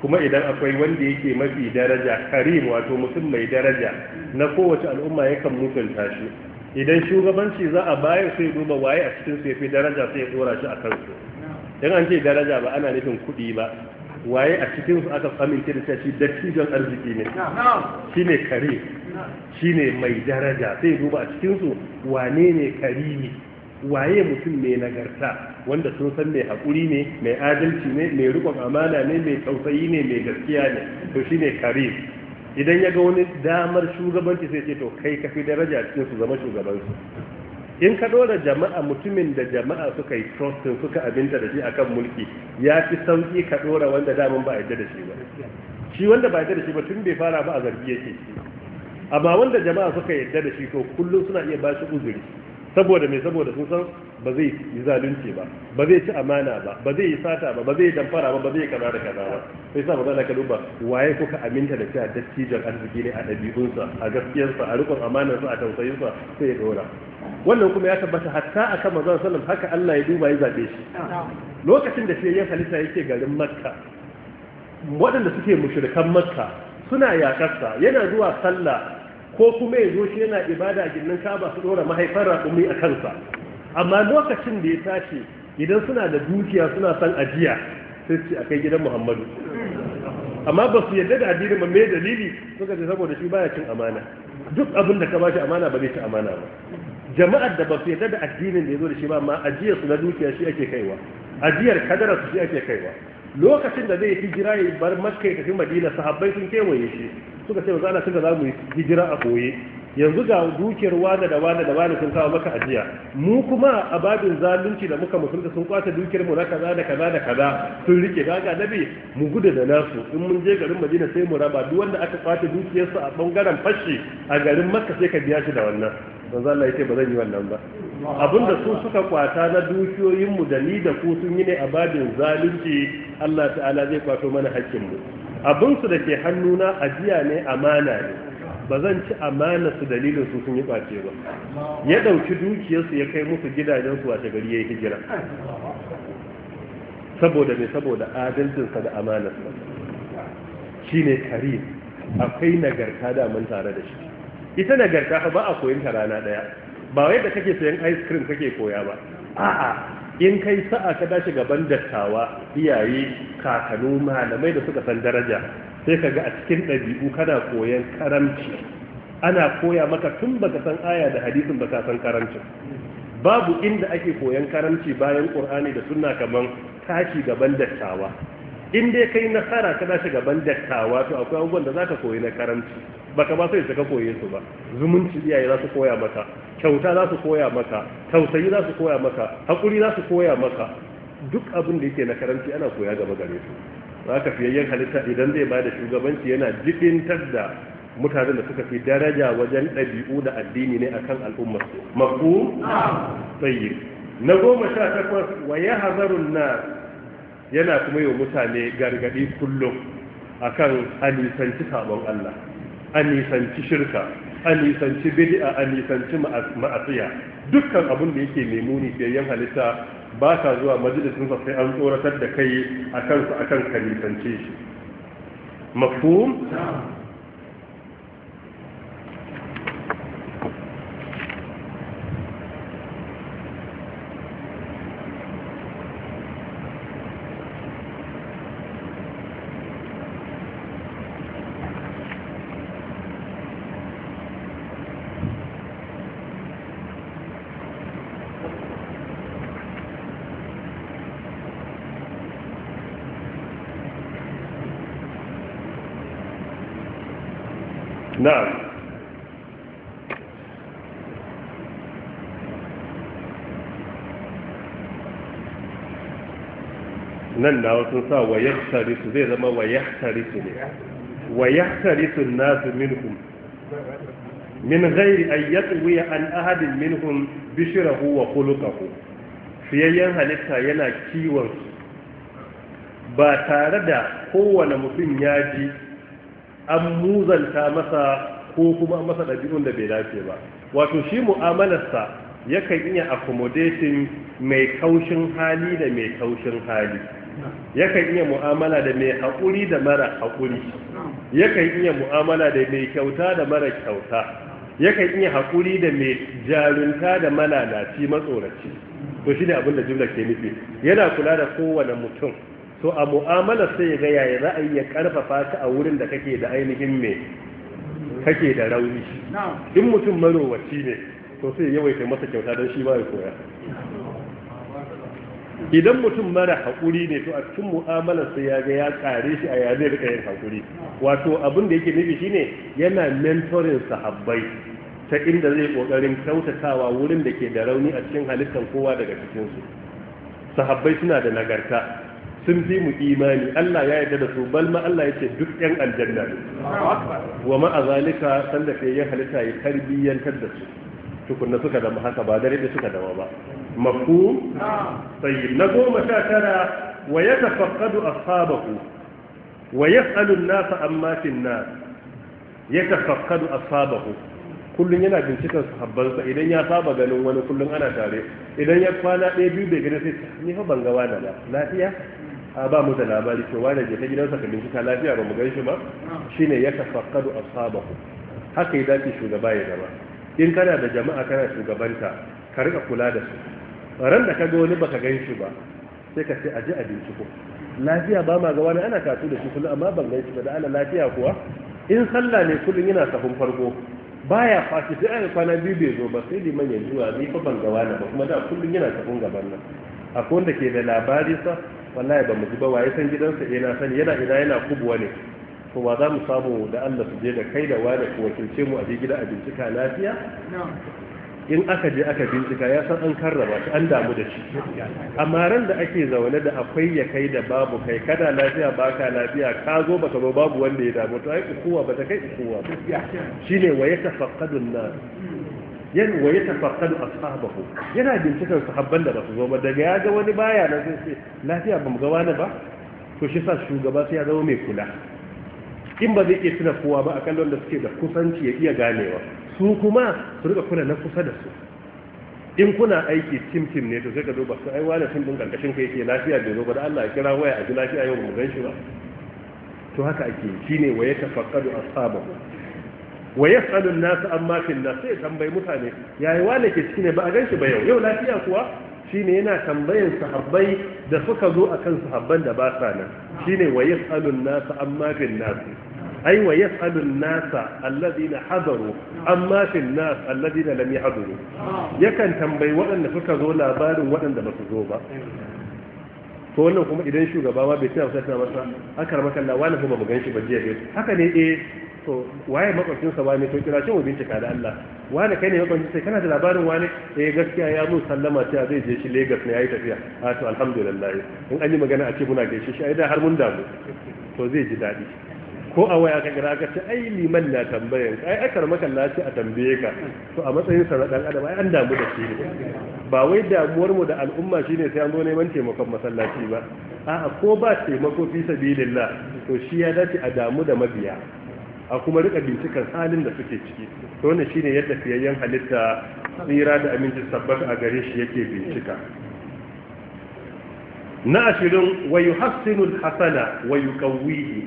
kuma idan akwai wanda yake mafi daraja karim wato mutum mai daraja na kowace al'umma yakan mutunta shi idan shugabanci za a bayar sai duba waye a cikin su yafi daraja sai ya dora shi a kansu dan an ce daraja ba ana nufin kuɗi ba waye a cikin su aka amince da shi dattijon arziki ne shine kare shine mai daraja sai duba a cikin su wane ne karimi waye mutum mai nagarta wanda sun san mai haƙuri ne mai adalci ne mai rikon amana ne mai tausayi ne mai gaskiya ne to shine kare idan ya ga wani damar shugabanci sai ce to kai ka fi daraja cikin su zama shugabansu in ka dora jama'a mutumin da jama'a suka yi trustin suka abinta da shi a kan mulki ya fi sauki ka dora wanda daman ba a yadda da shi ba shi wanda ba yadda da shi ba tun bai fara ba a zargi yake shi amma wanda jama'a suka yadda da shi to kullum suna iya ba shi uzuri saboda mai saboda sun san ba zai yi zalunci ba ba zai ci amana ba ba zai yi sata ba ba zai yi damfara ba ba zai yi kaza da kaza ba sai sa ba maza ka duba waye kuka aminta da cewa dattijan arziki ne a ɗabi'unsa a gaskiyarsa a rikon amanarsa a tausayinsa sai ya ɗora wannan kuma ya tabbata hatta akan mazan sallam haka Allah ya duba ya zaɓe shi lokacin da shi ya halitta yake garin makka waɗanda suke mushrikan makka suna yakarsa yana zuwa sallah ko kuma ya zo shi yana ibada a ginin kaba su ɗora mahaifar raƙumi a kansa amma lokacin da ya tashi idan suna da dukiya suna son ajiya sai ce a kai gidan muhammadu amma ba su yadda da addinin mai dalili suka ce saboda shi baya cin amana duk abin da ka bashi amana ba zai ci amana ba jama'ar da ba su yadda da addinin da ya zo da shi ba amma ajiyar su na dukiya shi ake kaiwa ajiyar kadara su shi ake kaiwa lokacin da zai hijira ya bar makka ya tafi madina sahabbai sun kewaye shi suka ce maza Allah tunda za mu hijira a koye yanzu ga dukiyar wada da wada da wada sun kawo maka ajiya mu kuma a babin zalunci da muka musulunta sun kwata dukiyar mu na kaza da kaza da kaza sun rike ga nabi mu gudu da nasu in mun je garin madina sai mu raba duk wanda aka kwata dukiyarsa a bangaren fashi a garin makka sai ka biya shi da wannan manzo Allah yake ba zan yi wannan ba abinda su suka kwata na dukiyoyinmu mu da ni da ku sun yi ne a babin zalunci Allah ta'ala zai kwato mana hakkin mu abin da ke hannuna ajiya ne amana ne ba zan ci amana su dalilin su sun yi kwace ba ya ɗauki dukiyarsu ya kai musu gidajensu su a gari yayi hijira saboda me saboda adalcinsa da ba shine karim akwai nagarta da mun tare da shi ita nagarta ba a koyin ta rana daya ba wai da kake sayan ice cream kake koya ba a'a in kai sa'a ka dace gaban dattawa iyaye kakanu malamai da suka san daraja sai ka ga a cikin ɗabi'u kana koyan karamci ana koya maka tun baka san aya da hadisin baka san karamcin babu inda ake koyan karamci bayan qur'ani da sunna kaman tashi gaban dattawa in dai kai nasara ka dashi gaban dattawa to akwai abubuwan da zaka koyi na karanci baka ba sai ka koye su ba zumunci iyaye za su koya maka kyauta za su koya maka tausayi za su koya maka hakuri za su koya maka duk abin da yake na karanci ana koya gaba gare su haka fiyayyen halitta idan zai bada shugabanci yana jibintar da mutanen da suka fi daraja wajen ɗabi'u da addini ne akan al'ummar su mafhum na goma sha takwas wa ya hazarun na yana kuma yi mutane gargadi kullum akan a nisanci sabon Allah anisanci shirka anisanci nisanci a nisanci ma'asiya dukkan abin da yake mai muni fiyayyen halitta ba ka zuwa majalisun sai an tsoratar da kai akan su akan ka nisanci shi mafhum na'am nan na wasu sa wa su, zai zama wa su ne wa su nasu minhum min ghairi an yatwiya an ahadin minhum bishirahu wa khuluquhu fiyayyen halitta yana kiwon ba tare da kowane mutum ya ji an muzanta masa ko kuma masa ɗabi'un da bai dace ba wato shi mu'amalarsa yakan iya accommodating mai kaushin hali da mai kaushin hali yakan iya mu'amala da mai haƙuri da mara haƙuri yakan iya mu'amala da mai kyauta da mara kyauta yakan iya haƙuri da mai jarunta da malalaci matsoraci to shi ne abin da jimla ke nufi yana kula da kowane mutum to a mu'amalar sai ya ga yaya za a yi ya karfafa ka a wurin da kake da ainihin me kake da rauni in mutum marowaci ne to sai yawaita masa kyauta don shi ba ya koya idan mutum mara haƙuri ne to a cikin mu'amalarsa ya ga ya kare shi a yanar da yin haƙuri wato abin da yake nufi shine yana mentoring sahabbai ta inda zai ƙoƙarin kyautatawa wurin da ke da rauni a cikin halittar kowa daga su sahabbai suna da nagarta sun fi mu imani Allah ya yarda da su bal ma Allah yake duk yan aljanna ne wa ma azalika sanda ya halitta ya tarbiyyantar da su tukunna suka zama haka ba dare da suka zama ba mafu tayyib na goma sha tara wa yatafaqqadu ashabahu wa yas'alu an-nas amma fi an-nas yatafaqqadu ashabahu kullum yana bincikan sa idan ya saba ganin wani kullum ana tare idan ya kwana ɗaya biyu bai gani sai ni fa ban ga wani ba lafiya a ba mu da labari cewa da je ta gidansa ka ta lafiya ba mu gan shi ba shine ya tafaqqadu ashabahu haka idan ki shugaba ya gaba. in kana da jama'a kana shugabanta ka rika kula da su ran da kaga wani baka gan shi ba sai ka ce aje a binciko lafiya ba ma ga wani ana kasu da shi kullum amma ban gan shi ba da ana lafiya kuwa in sallah ne kullum yana sahun farko baya fashi sai aka kwana biyu bai zo ba sai liman ya zuwa ni fa ban wani ba kuma da kullum yana sahun gaban nan akwai wanda ke da labari sa wallahi ba mu ji ba waye san gidansa eh na sani yana ina yana kubuwa ne to ba za mu samu da Allah su je da kai da wani ko wakilce mu a je gida a bincika lafiya in aka je aka bincika ya san an karraba shi an damu da shi amma ran da ake zaune da akwai ya kai da babu kai kada lafiya baka lafiya ka zo baka zo babu wanda ya damu to ai ukuwa ba ta kai ukuwa shine waye yatafaqqadun nas hmm. yan waye ta tafakkadu ashabahu yana bincikar sahabban da ba su zo ba daga ya ga wani baya na sai ce lafiya ba mu ga wani ba to shi sa shugaba sai ya zama mai kula in ba zai iya tuna kowa ba akan wanda suke da kusanci ya iya ganewa su kuma su rika kula na kusa da su in kuna aiki tim tim ne to sai ka duba su ai wani tim din karkashin ka ke lafiya da zo da Allah ya kira waya a ji lafiya yau mu gan shi ba to haka ake shine waye ta tafakkadu ashabahu wa yas'alu an-nas amma fi an sai tambayi mutane yayi wane ke cikin ba a ganshi ba yau yau lafiya kuwa shine yana tambayin sahabbai da suka zo akan sahabban da ba sa nan shine wa yas'alu an-nas amma fi an-nas ai wa yas'alu an-nas alladhina hadaru amma fi an-nas alladhina lam yahduru yakan tambayi waɗanda suka zo labarin waɗanda ba su zo ba to wannan kuma idan shugaba ma bai tsaya sai ta masa akar makalla wani kuma mu ganshi ba jiya haka ne eh to waye sa wani to kira shi mu bincika da Allah wani kai ne makwabcin sai kana da labarin wani eh gaskiya ya mun sallama cewa zai je shi Lagos ne yayi tafiya a to alhamdulillah in an yi magana a ce muna gaishe shi ai da har mun damu to zai ji dadi ko a waya ka kira ka ce ai liman na tambayan ka ai akar maka ce a tambaye ka to a matsayin sa na dan adam ai an damu da shi ne ba wai damuwar mu da al'umma shine sai an zo neman taimakon masallaci ba a'a ko ba taimako fi sabilillah to shi ya dace a damu da mabiya a kuma rika bincikan halin da suke ciki to wannan shine yadda fiyayyen halitta tsira da aminci sabbata a gare shi yake bincika na ashirin wa yuhassinu alhasana wa yuqawwihi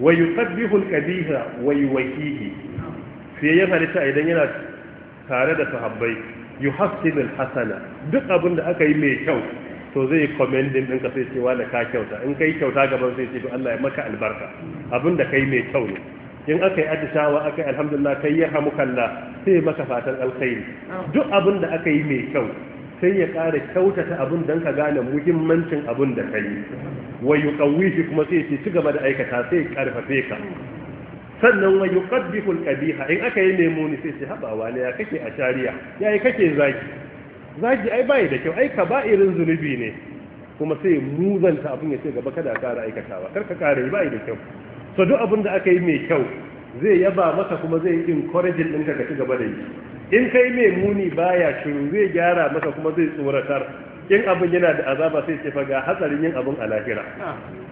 wa yuqaddihu alqabiha wa yuwahihi fiyayyen halitta idan yana tare da sahabbai yuhassinu alhasana duk abin da aka yi mai kyau to zai yi commending ɗinka sai cewa da ka kyauta in kai kyauta gaban sai ce to Allah ya maka albarka abin da kai mai kyau ne in aka yi addishawa aka yi alhamdulillah kai ya hamu kalla sai maka fatan alkhairi duk abin da aka yi mai kyau sai ya kara kyautata abin don ka gane muhimmancin abin da ka yi wa kuma sai ce ci gaba da aikata sai karfafe ka sannan wayu yuqaddihu alqabiha in aka yi nemo ni sai ce habawa ne ya kake a shari'a yayi kake zagi zagi ai bai da kyau ai ka ba irin zunubi ne kuma sai muzanta abin ya ce gaba kada ka kara aikatawa kar ka bai da kyau so duk abin da aka yi mai kyau zai yaba maka kuma zai yi encouraging ɗinka ka ci gaba da yi in kai mai muni baya shiru zai gyara maka kuma zai tsoratar in abin yana da azaba sai ce ga hatsarin yin abin a lahira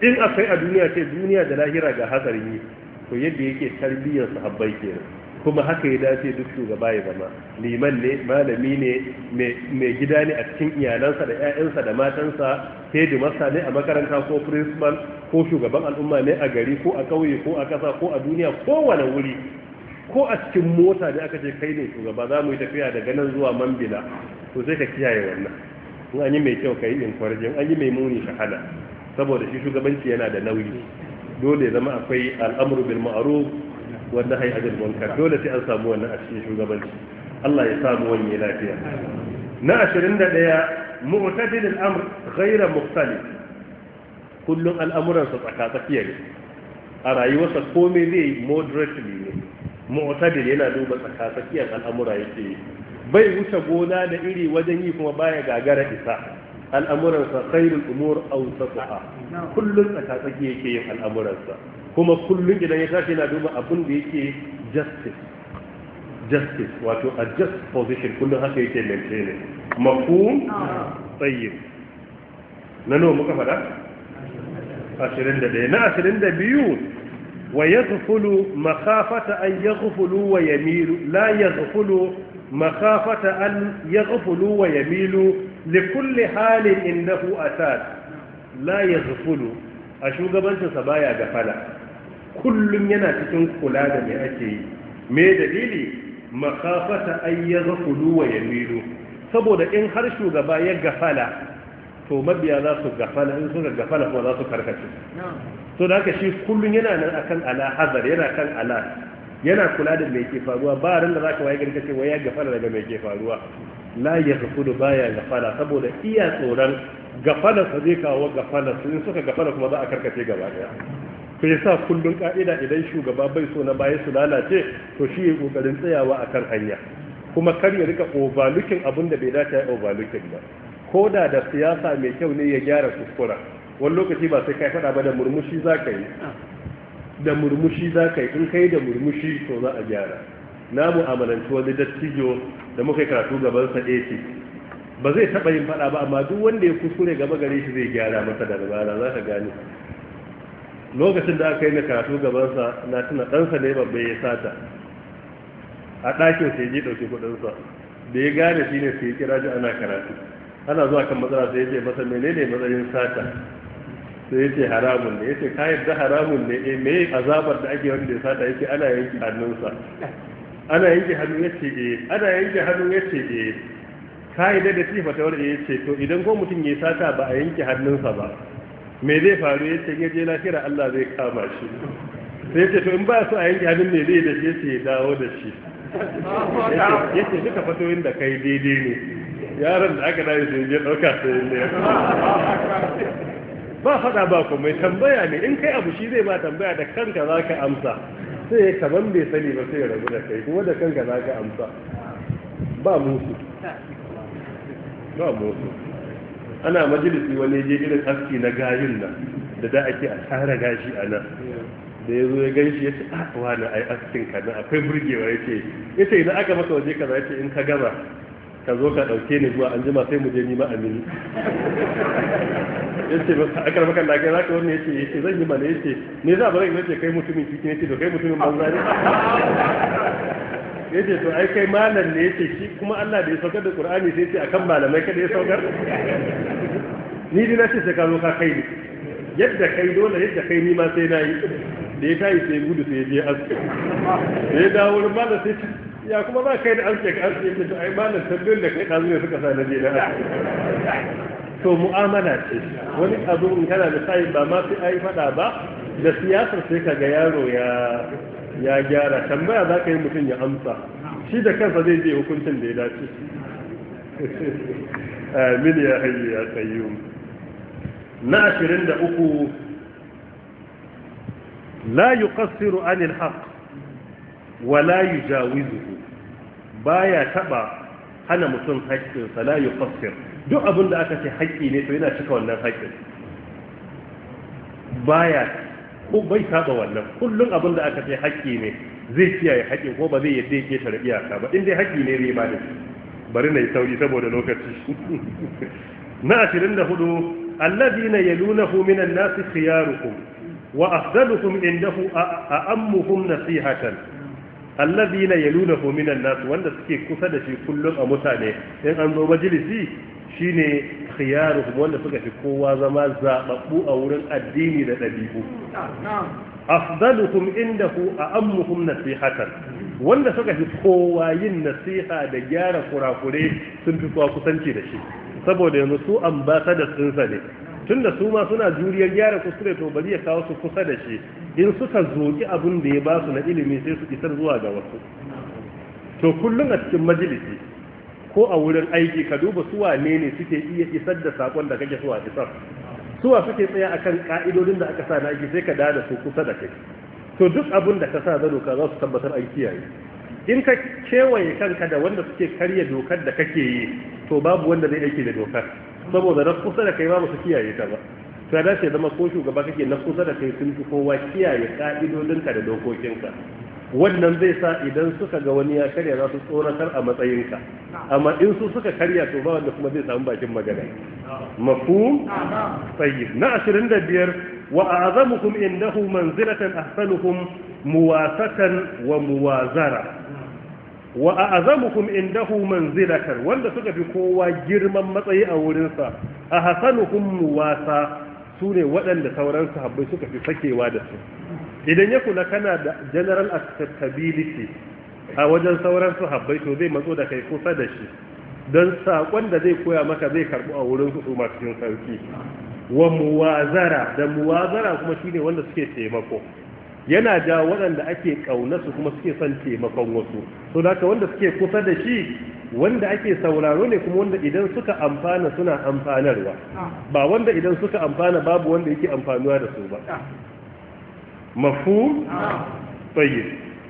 in akwai a duniya ce duniya da lahira ga hatsarin yi to yadda yake tarbiyyar sahabbai kenan kuma haka ya dace duk shugaba ya zama liman ne malami ne mai gida ne a cikin iyalansa da 'ya'yansa da matansa hedimasta ne a makaranta ko principal ko shugaban al'umma ne a gari ko a ƙauye ko a ƙasa ko a duniya ko kowane wuri ko a cikin mota ne aka ce kai ne shugaba za mu yi tafiya daga nan zuwa mambila to sai ka kiyaye wannan in an yi mai kyau ka yi inkwarjin an yi mai muni shahada saboda shi shugabanci yana da nauyi dole zama akwai al'amuru bil ma'ruf wanda hai ajin munkar dole sai an samu wannan a cikin shugabanci Allah ya samu wani lafiya na 21 mu'tadil al-amr ghayra mukhtalif kullun al'amuran sa tsaka tsakiya ne a rayuwarsa komai zai moderately ne mu'tadil yana duba tsaka al al'amura yake bai wuce gona da iri wajen yi kuma baya gagara isa al'amuransa khairul umur aw tsaka kullun tsaka tsakiya yake yin al'amuransa kuma kullum idan ya tashi na duba abin da yake justice justice wato a just position kullum haka yake maintain mafhum tayyib na nawa muka fada 21 na 22 wa yaghfulu makafata an ya yaghfulu wa yamilu la yaghfulu makafata an ya yaghfulu wa yamilu likulli halin innahu atad la yaghfulu a shugabancinsa baya gafala kullum yana cikin kula da mai ake yi me dalili makafata an ya ya saboda in har shugaba ya gafala to mabiya za su gafala in suka gafala kuma za su karkace to da haka shi kullum yana nan akan ala hazar yana kan ala yana kula da mai ke faruwa ba ran da zaka waye garkace wai ya gafala daga mai ke faruwa la ya zafudu baya gafala saboda iya tsoron gafalarsa zai kawo su, in suka gafala kuma za a karkace gaba daya to yasa kullun ka'ida idan shugaba bai so na baya su lalace to shi yi kokarin tsayawa a kan hanya kuma kar ya rika overlooking abin da bai dace ya overlooking ba ko da da siyasa mai kyau ne ya gyara kuskura wani lokaci ba sai kai fada ba da murmushi za ka yi da murmushi za ka yi in kai da murmushi to za a gyara na mu'amalanci wani dattijo da muka yi karatu gaban sa AC. ba zai taɓa yin faɗa ba amma duk wanda ya kuskure gaba gare shi zai gyara masa da rana za ka gane lokacin da aka yi na karatu gabansa na tuna ɗansa ne babba ya sata a ɗakin sai je ɗauki kuɗinsa da ya gane shi ne sai kira ji ana karatu ana zuwa kan matsala sai ce masa menene matsayin sata sai ya ce haramun ne ya ce kayan da haramun ne eh me azabar da ake wanda ya sata yake ana yanke hannunsa ana yanke hannun ya ce eh ana yanke hannun ya ce eh kayan da ta fatawar ya ce to idan ko mutum ya sata ba a yanke hannunsa ba Mai zai faru ya ce ya je kira Allah zai kama shi sai ce to in ba su a yanke abin ne zai da shi sai ya dawo da shi ya ce duka fasoyin da kai daidai ne yaron da aka dawo sai ya dauka sai ne ba faɗa ba ko mai tambaya ne in kai abu shi zai ba tambaya da kanka za ka amsa sai ya kaman bai sani ba sai ya rabu da kai kuma da kanka za ka amsa ba musu ba musu ana majalisi wani je irin aski na gayin nan da da ake a tsara gashi a nan da ya zo ya gan shi ya ce a ah, wani ai askin ka na? akwai burgewa ya ce ya ce idan aka masa waje kaza ya ce in ka gaba? ka zo ka ɗauke ni zuwa an jima sai mu je ni ma amini ya ce a karfa kan da kai za ka wani ya ce ya ce zan yi mana ya ce ne za a bari ya ce kai mutumin kiki ne ce to kai mutumin banza ne ya ce to ai kai malam ne yake ce shi kuma Allah da ya saukar da Qur'ani sai ce akan malamai kada ya saukar ni dai na ce sai ka zo ka kai ni yadda kai dole yadda kai ni ma sai na yi da ya tayi sai gudu sai ya je aski da ya dawo wurin malam sai ya kuma ba kai da asu ka asu ya ce to ai malam tabbin da kai ɗazu ne suka sa na je na aski to mu'amala ce wani abu in kana da sai ba ma sai ai fada ba da siyasar sai kaga yaro ya ya gyara tambaya za ka yi mutum ya amsa shi da kansa zai je hukuncin da ya dace <laughs> amin ya hayyu ya qayyum na ashirin da uku, la yi kassiru anil haq wa la ba baya taɓa hana mutum haƙƙinsa la yi kassir duk abinda aka ce haƙƙi ne to yana cika wannan haƙƙin baya ko bai saba wannan kullum abin da aka ce haƙƙi ne zai kiyaye haƙƙin ko ba zai yadda yake tare iyaka ba in dai haƙƙi ne zai ba bari na yi sauri saboda lokaci <laughs> na ashirin da hudu, 24 الذين يلونه من الناس خياركم وأفضلكم عنده أأمهم na ya luna من nasu wanda suke kusa da shi kullum a mutane in an zo majalisi shine khiyaruhum wanda suka fi kowa zama zababbu a wurin addini da dabi'u afdaluhum indahu a'ammuhum nasihatan wanda suka fi kowa yin nasiha da gyara kurakure sun fi kowa kusanci da shi saboda yanzu su ambassadors din sa ne tunda su ma suna juriyar gyara kuskure to bari ya kawo su kusa da shi in suka zoki abin da ya ba su na ilimi sai su isar zuwa ga wasu to kullum a cikin majalisi ko a wurin aiki ka duba su wane ne suke iya isar da sakon da kake suwa a isar suwa suke tsaya akan ka'idodin da aka sa na aiki sai ka da su kusa da kai to duk abin da ka sa da doka za su tabbatar an kiyaye in ka kewaye kanka da wanda suke karya dokar da kake yi to babu wanda zai aiki da dokar saboda na kusa da kai babu su kiyaye ta ba to ya dace zama ko shugaba kake na kusa da kai sun fi kowa kiyaye ka'idodinka da dokokinka wannan zai sa idan suka ga wani ya karya za su tsoratar a matsayinka amma in su suka karya to ba wanda kuma zai samu bakin magana mafhum tayyib na 25 wa a'zamukum indahu manzilatan ahsanukum muwasatan wa muwazara wa a'zamukum indahu manzilatan wanda suka fi kowa girman matsayi a wurinsa ahsanukum muwasa sune waɗanda sauran sahabbai suka fi sakewa da su idan ya kula kana da general acceptability a wajen sauran su habbai to zai matso da kai kusa da shi don saƙon da zai koya maka zai karɓu a wurin su masu cikin sauki wa muwazara da muwazara kuma shine wanda suke taimako yana ja waɗanda ake ƙauna su kuma suke son taimakon wasu so haka wanda suke kusa da shi wanda ake sauraro ne kuma wanda idan suka amfana suna amfanarwa ah. ba wanda idan suka amfana babu wanda yake amfanuwa da su ba ah. mafhum tayyib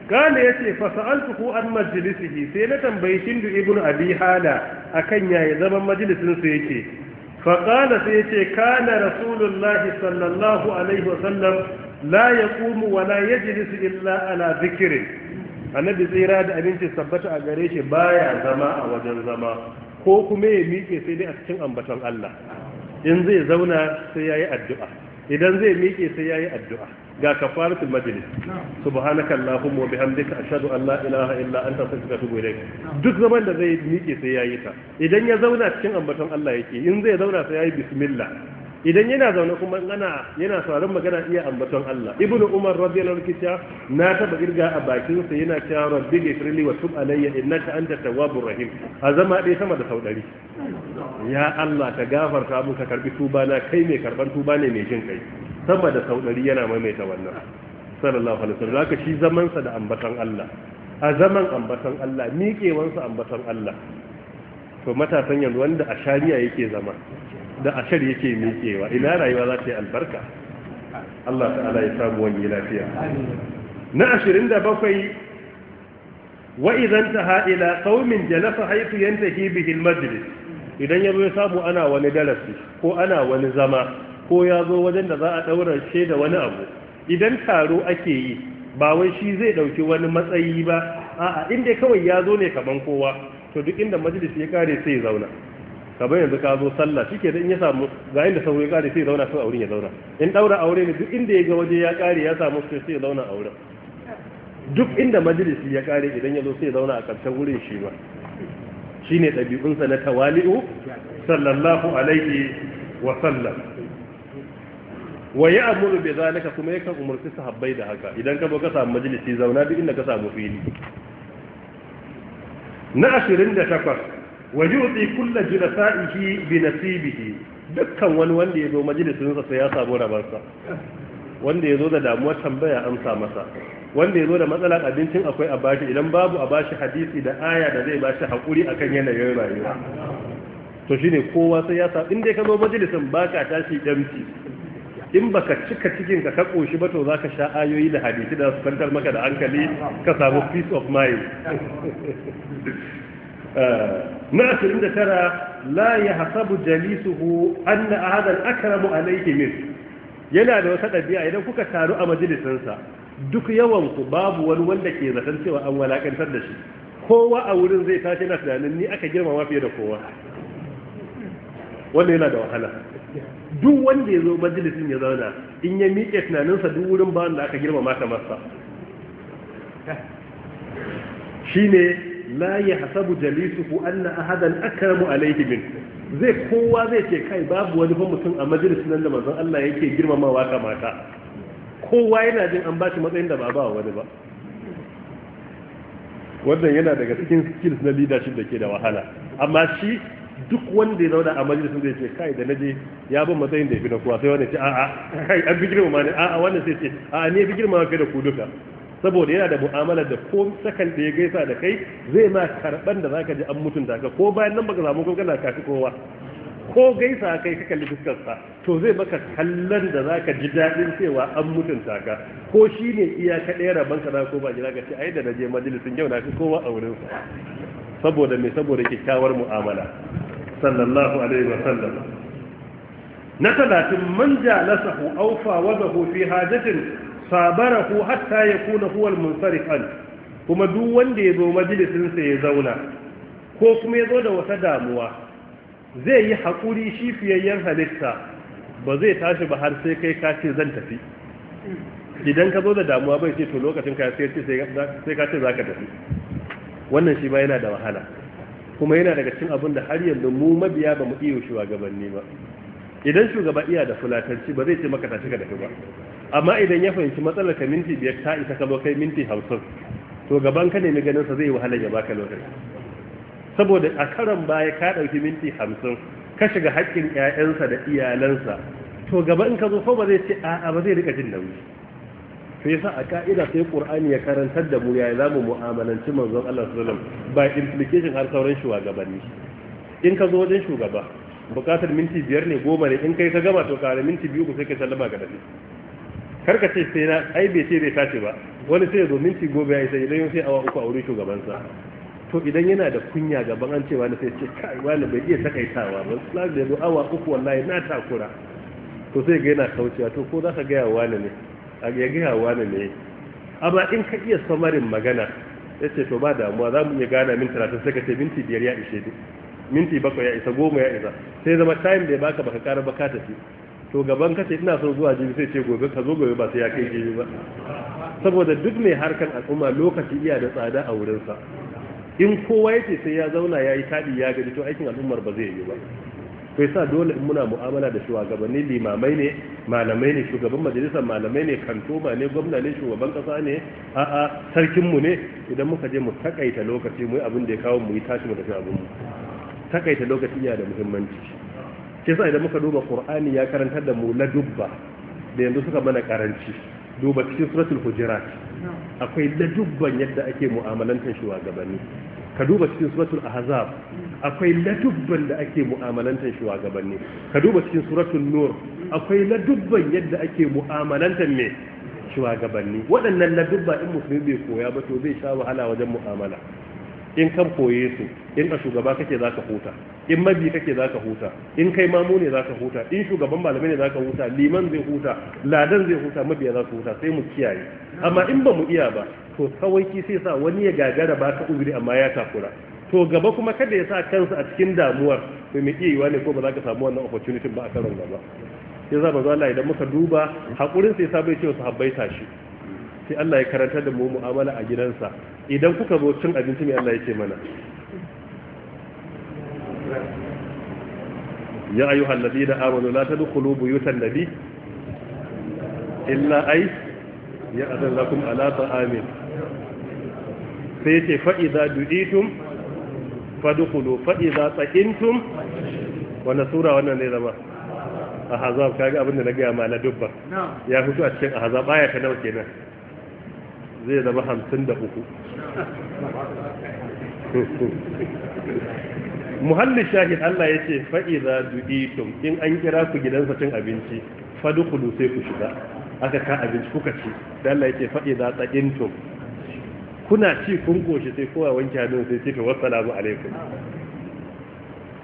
kana yace fa sa'altuhu an majlisihi sai na tambayi shindu ibnu abi hala akan yaya zaman majalisinsu yake fa qala sai yace kana rasulullahi sallallahu alaihi wasallam la yaqumu wa la yajlisu illa ala dhikri annabi tsira da abinci sabbata a gare shi baya zama a wajen zama ko kuma ya miƙe sai dai a cikin ambatan Allah in zai zauna sai yi addu'a idan zai miƙe sai yayi addu'a ga kafaratul majlis subhanaka allahumma wa bihamdika ashhadu an la ilaha illa anta astaghfiruka wa atubu duk zaman da zai miƙe sai yayi ta idan ya zauna cikin ambaton Allah yake in zai zauna sai yayi bismillah idan yana zaune kuma ana yana sauran magana iya ambaton Allah ibnu umar radiyallahu anhu cewa na taba girga a bakin sa yana cewa rabbi ghfirli wa tub alayya innaka anta tawwabur rahim azama dai sama da saudari ya Allah ka gafarta mun ka karbi tuba na kai mai karban tuba ne mai jin kai sama da sau yana maimaita wannan sallallahu alaihi wasallam haka shi zamansa da ambatan Allah a zaman ambatan Allah miƙewansa ambatan Allah to matasan yanzu wanda a shari'a yake zama da a shari yake miƙewa ina rayuwa za ta yi albarka Allah ta'ala ya samu wani lafiya na ashirin da bakwai wa idan ta ha'ila qaumin jalasa haythu yantahi bihi al-majlis idan yabo ya samu ana wani darasi ko ana wani zama ko ya zo wajen da za a ɗaura shi da wani abu idan taro ake yi ba wai shi zai ɗauki wani matsayi ba a'a inda kawai ya zo ne kaman kowa to duk inda majalisi ya kare sai ya zauna kamar yanzu ka zo sallah ke da in ya samu ga inda sahu ya kare sai ya zauna kan auren ya zauna in ɗaura aure ne duk inda ya ga waje ya kare ya samu sai sai ya zauna auren duk inda majalisi ya kare idan ya zo sai ya zauna a ƙarshen wurin shi ba shi ne ɗabi'unsa na tawali'u sallallahu alaihi wa sallam wa ya amuru bai zalika kuma yakan umarci sahabbai da haka idan ka zo ka samu majalisi zauna duk inda ka samu fili na ashirin da takwas wa yuti kulla jilasaihi bi nasibihi dukkan wani wanda ya zo majalisin sa sai ya samu rabarsa, wanda ya zo da damuwar tambaya amsa masa wanda ya zo da matsalar abincin akwai a bashi idan babu a bashi hadisi da aya da zai bashi hakuri akan yanayin rayuwa to shine kowa sai ya sa inda ka zo majalisin baka tashi damci in baka cika cikin ka ka koshi ba to zaka sha ayoyi da hadisi da su kwantar maka da hankali ka samu peace of mind <laughs> eh, na ashirin da tara la ya hasabu jalisuhu na ahadan akramu alayhi min yana da wata ɗabi'a idan kuka taru a majalisansa duk yawan ku babu wani wanda ke zaton cewa an walakantar da shi kowa a wurin zai tashi na tunanin ni aka girmama fiye da kowa wanda yana da wahala duk wanda ya zo majalisin ya zauna in ya miƙe tunaninsa duk wurin ba wanda aka girmama kamar sa ne la ku an na ahadan akaramu a min zai kowa zai ce kai babu wani fa mutum a majalisin nan da mazan Allah yake girmamawa mata kowa yana jin an ba shi matsayin da ba ba wani ba wannan yana daga cikin skills na leadership da ke da wahala amma shi duk wanda ya zauna a majalisun zai ce kai da naje ya bin matsayin da ya fi na kuwa sai wani ce a'a kai an fi girma ne a'a wannan sai ce a'a ne fi girma fi da ku duka saboda yana da mu'amalar da ko sakan da ya gaisa da kai zai ma karban da zaka ji an mutunta ka ko bayan nan baka samu kun kana kafi kowa ko gaisa kai ka kalli fuskar sa to zai maka kallon da zaka ji dadin cewa an mutunta ka ko shine iya ka ɗaya rabon ka ko ba gida ka ce ai da naje majalisin yau na fi kowa a wurin sa saboda me saboda kyakkyawar mu'amala sallallahu alaihi wasallam na talatin man jalasahu aw fawadahu fi hajatin sabarahu hatta ya huwa al-munsarif kuma duk wanda ya zo majalisin sa ya zauna ko kuma ya zo da wata damuwa zai yi hakuri shi fiyayyen halitta ba zai tashi ba har sai kai ka ce zan tafi idan ka zo da damuwa bai ce to lokacin ka sai ka ce za ka tafi wannan shi ba yana da wahala kuma yana daga cin abin da har yanzu mu mabiya ba mu iya iyo shugabanni ba idan shugaba iya da fulatanci ba zai ce maka tashi ka dafi ba amma idan ya fahimci matsalar ka minti biyar ta isa ka zo kai minti hamsin to gaban ka nemi ganin sa zai wahala ya baka lokaci saboda a karon baya ka ɗauki minti hamsin ka shiga haƙƙin 'ya'yansa da iyalansa to gaban ka zo ko ba zai ce a'a ba zai rika jin nauyi Sai yasa a ka'ida sai qur'ani ya karantar da mu ya mu'amalan mu'amalanci manzon Allah sallallahu alaihi wasallam by implication har sauran shugabanni in ka zo wajen shugaba bukatar minti biyar ne goma ne in kai ka gama to kare minti biyu ku sai ka sallama ga dafi kar ka ce sai na ai bai ce bai tace ba wani sai ya zo minti goma ya sai idan sai awa uku a wurin shugabansa to idan yana da kunya gaban an ce wani sai ce kai wani bai iya takaitawa ba sai da awa uku wallahi na takura to sai ga yana kaucewa to ko za ka gaya wani ne ya gina wani ne amma in ka iya samarin magana ya ce to ba damuwa za mu iya gana min talatin sai ka ce minti biyar ya ishe duk minti bakwai ya isa goma ya isa sai zama time da ya baka baka kara baka tafi to gaban ka ce ina so zuwa jibi sai ce gobe ka zo gobe ba sai ya kai jibi ba saboda duk mai harkar al'umma lokaci iya da tsada a wurinsa in kowa yake sai ya zauna ya yi taɗi ya gaji to aikin al'ummar ba zai yi ba kai sa dole in muna mu'amala da shugabanni limamai ne malamai ne shugaban majalisar malamai ne kantoma ne gwamna ne shugaban kasa ne a'a sarkinmu ne idan muka je mu takaita lokaci mu yi abin da ya kawo mu yi tashi mu tafi abin mu takaita lokaci yana da muhimmanci ke sa idan muka duba Kur'ani ya karantar da mu dubba da yanzu suka mana karanci duba cikin suratul hujurat akwai ladubban yadda ake mu'amalantar shugabanni ka duba cikin suratul ahzab akwai ladubban da ake mu'amalantar shugabanni ka duba cikin suratul nur akwai ladubban yadda ake mu'amalantar me shugabanni waɗannan ladubba in musulmi bai koya ba to zai sha wahala wajen mu'amala in kan koye su in a shugaba kake zaka huta in mabi kake zaka huta in kai mamu ne zaka huta in shugaban malamai ne zaka huta liman zai huta ladan zai huta mabiya za su huta sai mu kiyaye amma in ba mu iya ba to kawaiki sai sa wani ya gagara ba ka uzuri amma ya takura to gaba kuma kada ya sa kansa a cikin damuwar to mai iya yiwa ne ko ba za ka samu wannan opportunity ba a karon gaba sai za za Allah idan muka duba hakurin sai sa bai ce su habbaita shi sai Allah ya karanta da mu mu'amala a gidansa idan kuka zo cin abinci mai Allah ya ce mana ya ayyuhal ladina amanu la tadkhulu buyutan nabi illa ay ya azan lakum ala amin sai ce fa'iza du'itum fadukulu fa'iza tsakintun. wanda sura wannan ne zama a hazab abin abinda na gaya mala na dubba ya fito a cikin a hazab aya ta nawa kenan zai zama hamsin da uku <laughs> muhalli shahid Allah ya ce fa'iza du'itum in an kira ku gidansa cin abinci fadukulu sai ku shiga aka ka abinci kuka ci da Allah yake faɗi za ta kuna ci kun goshi sai kowa wanke hannun sai ce to salamu alaikum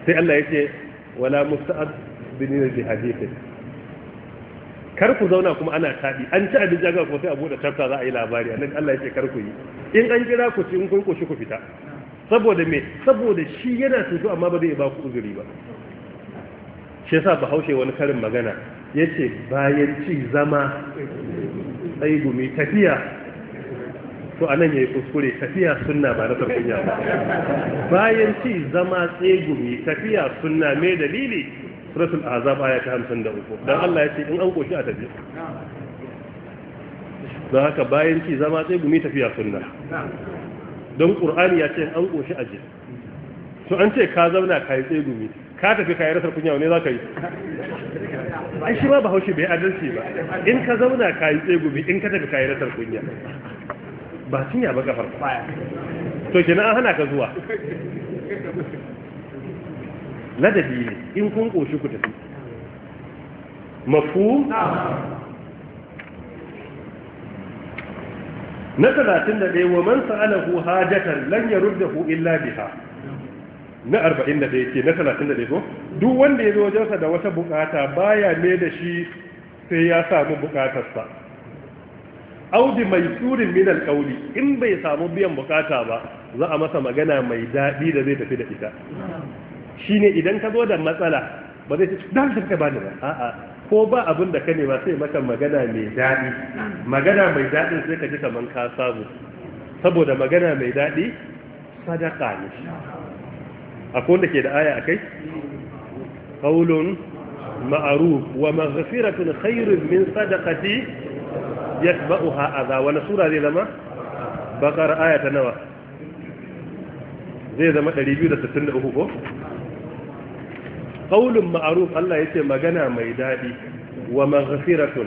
sai Allah yake wala musta'ad bin bi hadithin kar ku zauna kuma ana taɗi an ci abinci ga kuma sai a buɗe tafsa za a yi labari annabi Allah yake kar ku yi in an kira ku ci in kun goshi ku fita saboda me saboda shi yana cutu amma ba zai ba ku uzuri ba shi yasa bahaushe wani karin magana ya ce bayan ci zama sai gumi tafiya to a nan ya yi kuskure tafiya sunna ba na ba. bayan ci zama sai gumi tafiya sunna mai dalili rasul azab aya ta hamsin da uku don allah ya ce in an koshi a tafi don haka bayan ci zama sai gumi tafiya sunna don ƙur'ani ya ce an koshi a jiki to an ce ka zauna ka yi tsegumi ka tafi ka yi rasar kunya ne za ka yi ai shi ma ba haushi bai adalci ba in ka zauna ka yi tsegumi in ka tafi ka yi rasar kunya ba cinya ba kafar to kenan an hana ka zuwa ladabi ne in kun koshi ku tafi mafu na talatin da ɗaya wa man sa'alahu hajatan lan yaruddahu illa biha na arba'in da ɗaya ke na talatin ɗaya ko duk wanda ya zo wajensa da wata bukata baya ne da shi sai ya samu bukatarsa audi mai turin minal alƙauli in bai samu biyan bukata ba za a masa magana mai daɗi da zai tafi da ita Shi ne idan ka zo da matsala ba zai ce dan ba bani ba a'a ko ba abin da ka nema sai maka magana mai daɗi magana mai daɗin sai ka ji kaman ka samu saboda magana mai daɗi sadaka ne akwai wanda ke da aya akai ƙaulun ma'aru, wa maghfiratun khairun min sadaqati yatba'uha adha Wani sura zai zama bakar aya ta nawa zai zama 263 ko Ƙaulun ma'aru Allah yace magana mai daɗi, wa maghfiratun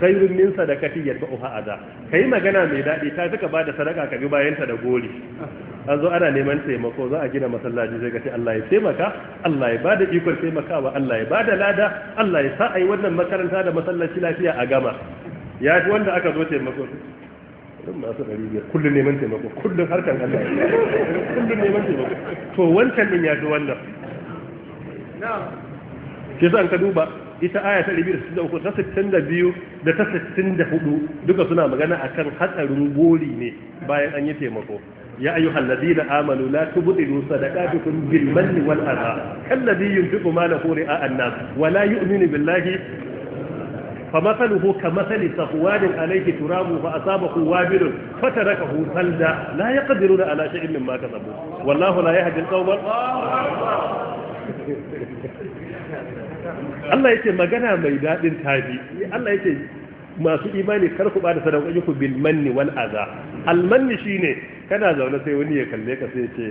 khairun min sadakati yatba'uha Ka yi magana mai daɗi ta ba bada sadaka ka bi bayanta da gori an zo ana neman taimako za a gina masallaci zai gace Allah ya taimaka Allah ya bada ikon taimakawa Allah ya bada lada Allah ya sa ai wannan makaranta da masallaci lafiya a gama ya fi wanda aka zo taimako don masu ɗari biyar kullum neman taimako kullum harkar Allah ya kullum neman taimako to wancan din ya fi wannan ke an ka duba ita aya ta 263 ta sittin da da biyu ta hudu duka suna magana akan hatsarin gori ne bayan an yi taimako يا أيها الذين آمنوا لا تبطلوا صدقاتكم بالمن والأذى كالذي ينفق ماله رئاء الناس ولا يؤمن بالله فمثله كمثل صفوان عليه تراب فأصابه وابل فتركه فلدا لا يقدرون على شيء مما كسبوا والله لا يهدي القوم <laughs> الله يتي magana mai daɗin الله يتي yake masu imani kar ku ba بالمن والأذى almanni shi ne. kana zaune sai wani ya kalle ka sai ce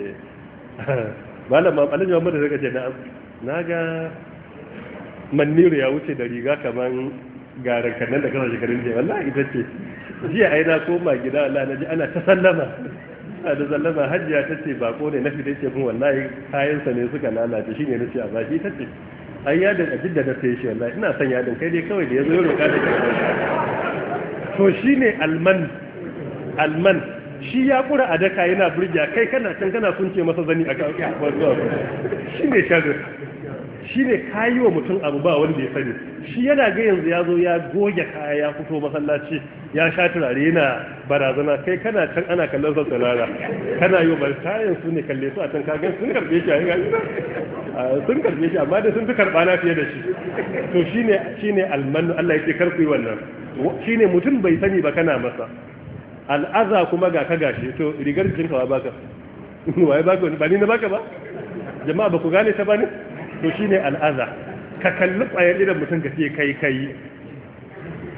malam alhaji Muhammad da kace na na ga manniru ya wuce da riga kaman garin kannan da kana shekarun jiya wallahi ita ce jiya ai na koma gida wallahi naji ana ta sallama ana da sallama hajjiya ta ce bako ne na fita ce mun wallahi kayansa ne suka lalace shine na ce a baki ta ce an yadin a jidda na sai shi wallahi ina son yadin kai dai kawai da ya zo roƙa da kai to shine alman alman shi ya kura a daka yana burgiya kai kana can kana kunce masa zani a kan shi ne shagir shi ne kayi wa mutum abu ba wanda ya sani shi yana ga yanzu ya zo ya goge kaya ya fito masallaci ya sha turare yana barazana kai kana can ana kallon sa tsirara kana yi bar tayin su ne kalle su a can kagan sun karbe shi a sun karbe shi amma da sun fi karba na fiye da shi to shi ne almanu Allah ya ce kar ku yi wannan shine mutum bai sani ba kana masa al'aza kuma ga ka gashi to rigar jikin ka baka <laughs> waye baka ba ni na baka ba jama'a ba ku gane ta bani to shine al'aza ka kalli kwayar idan mutum ka ce kai kai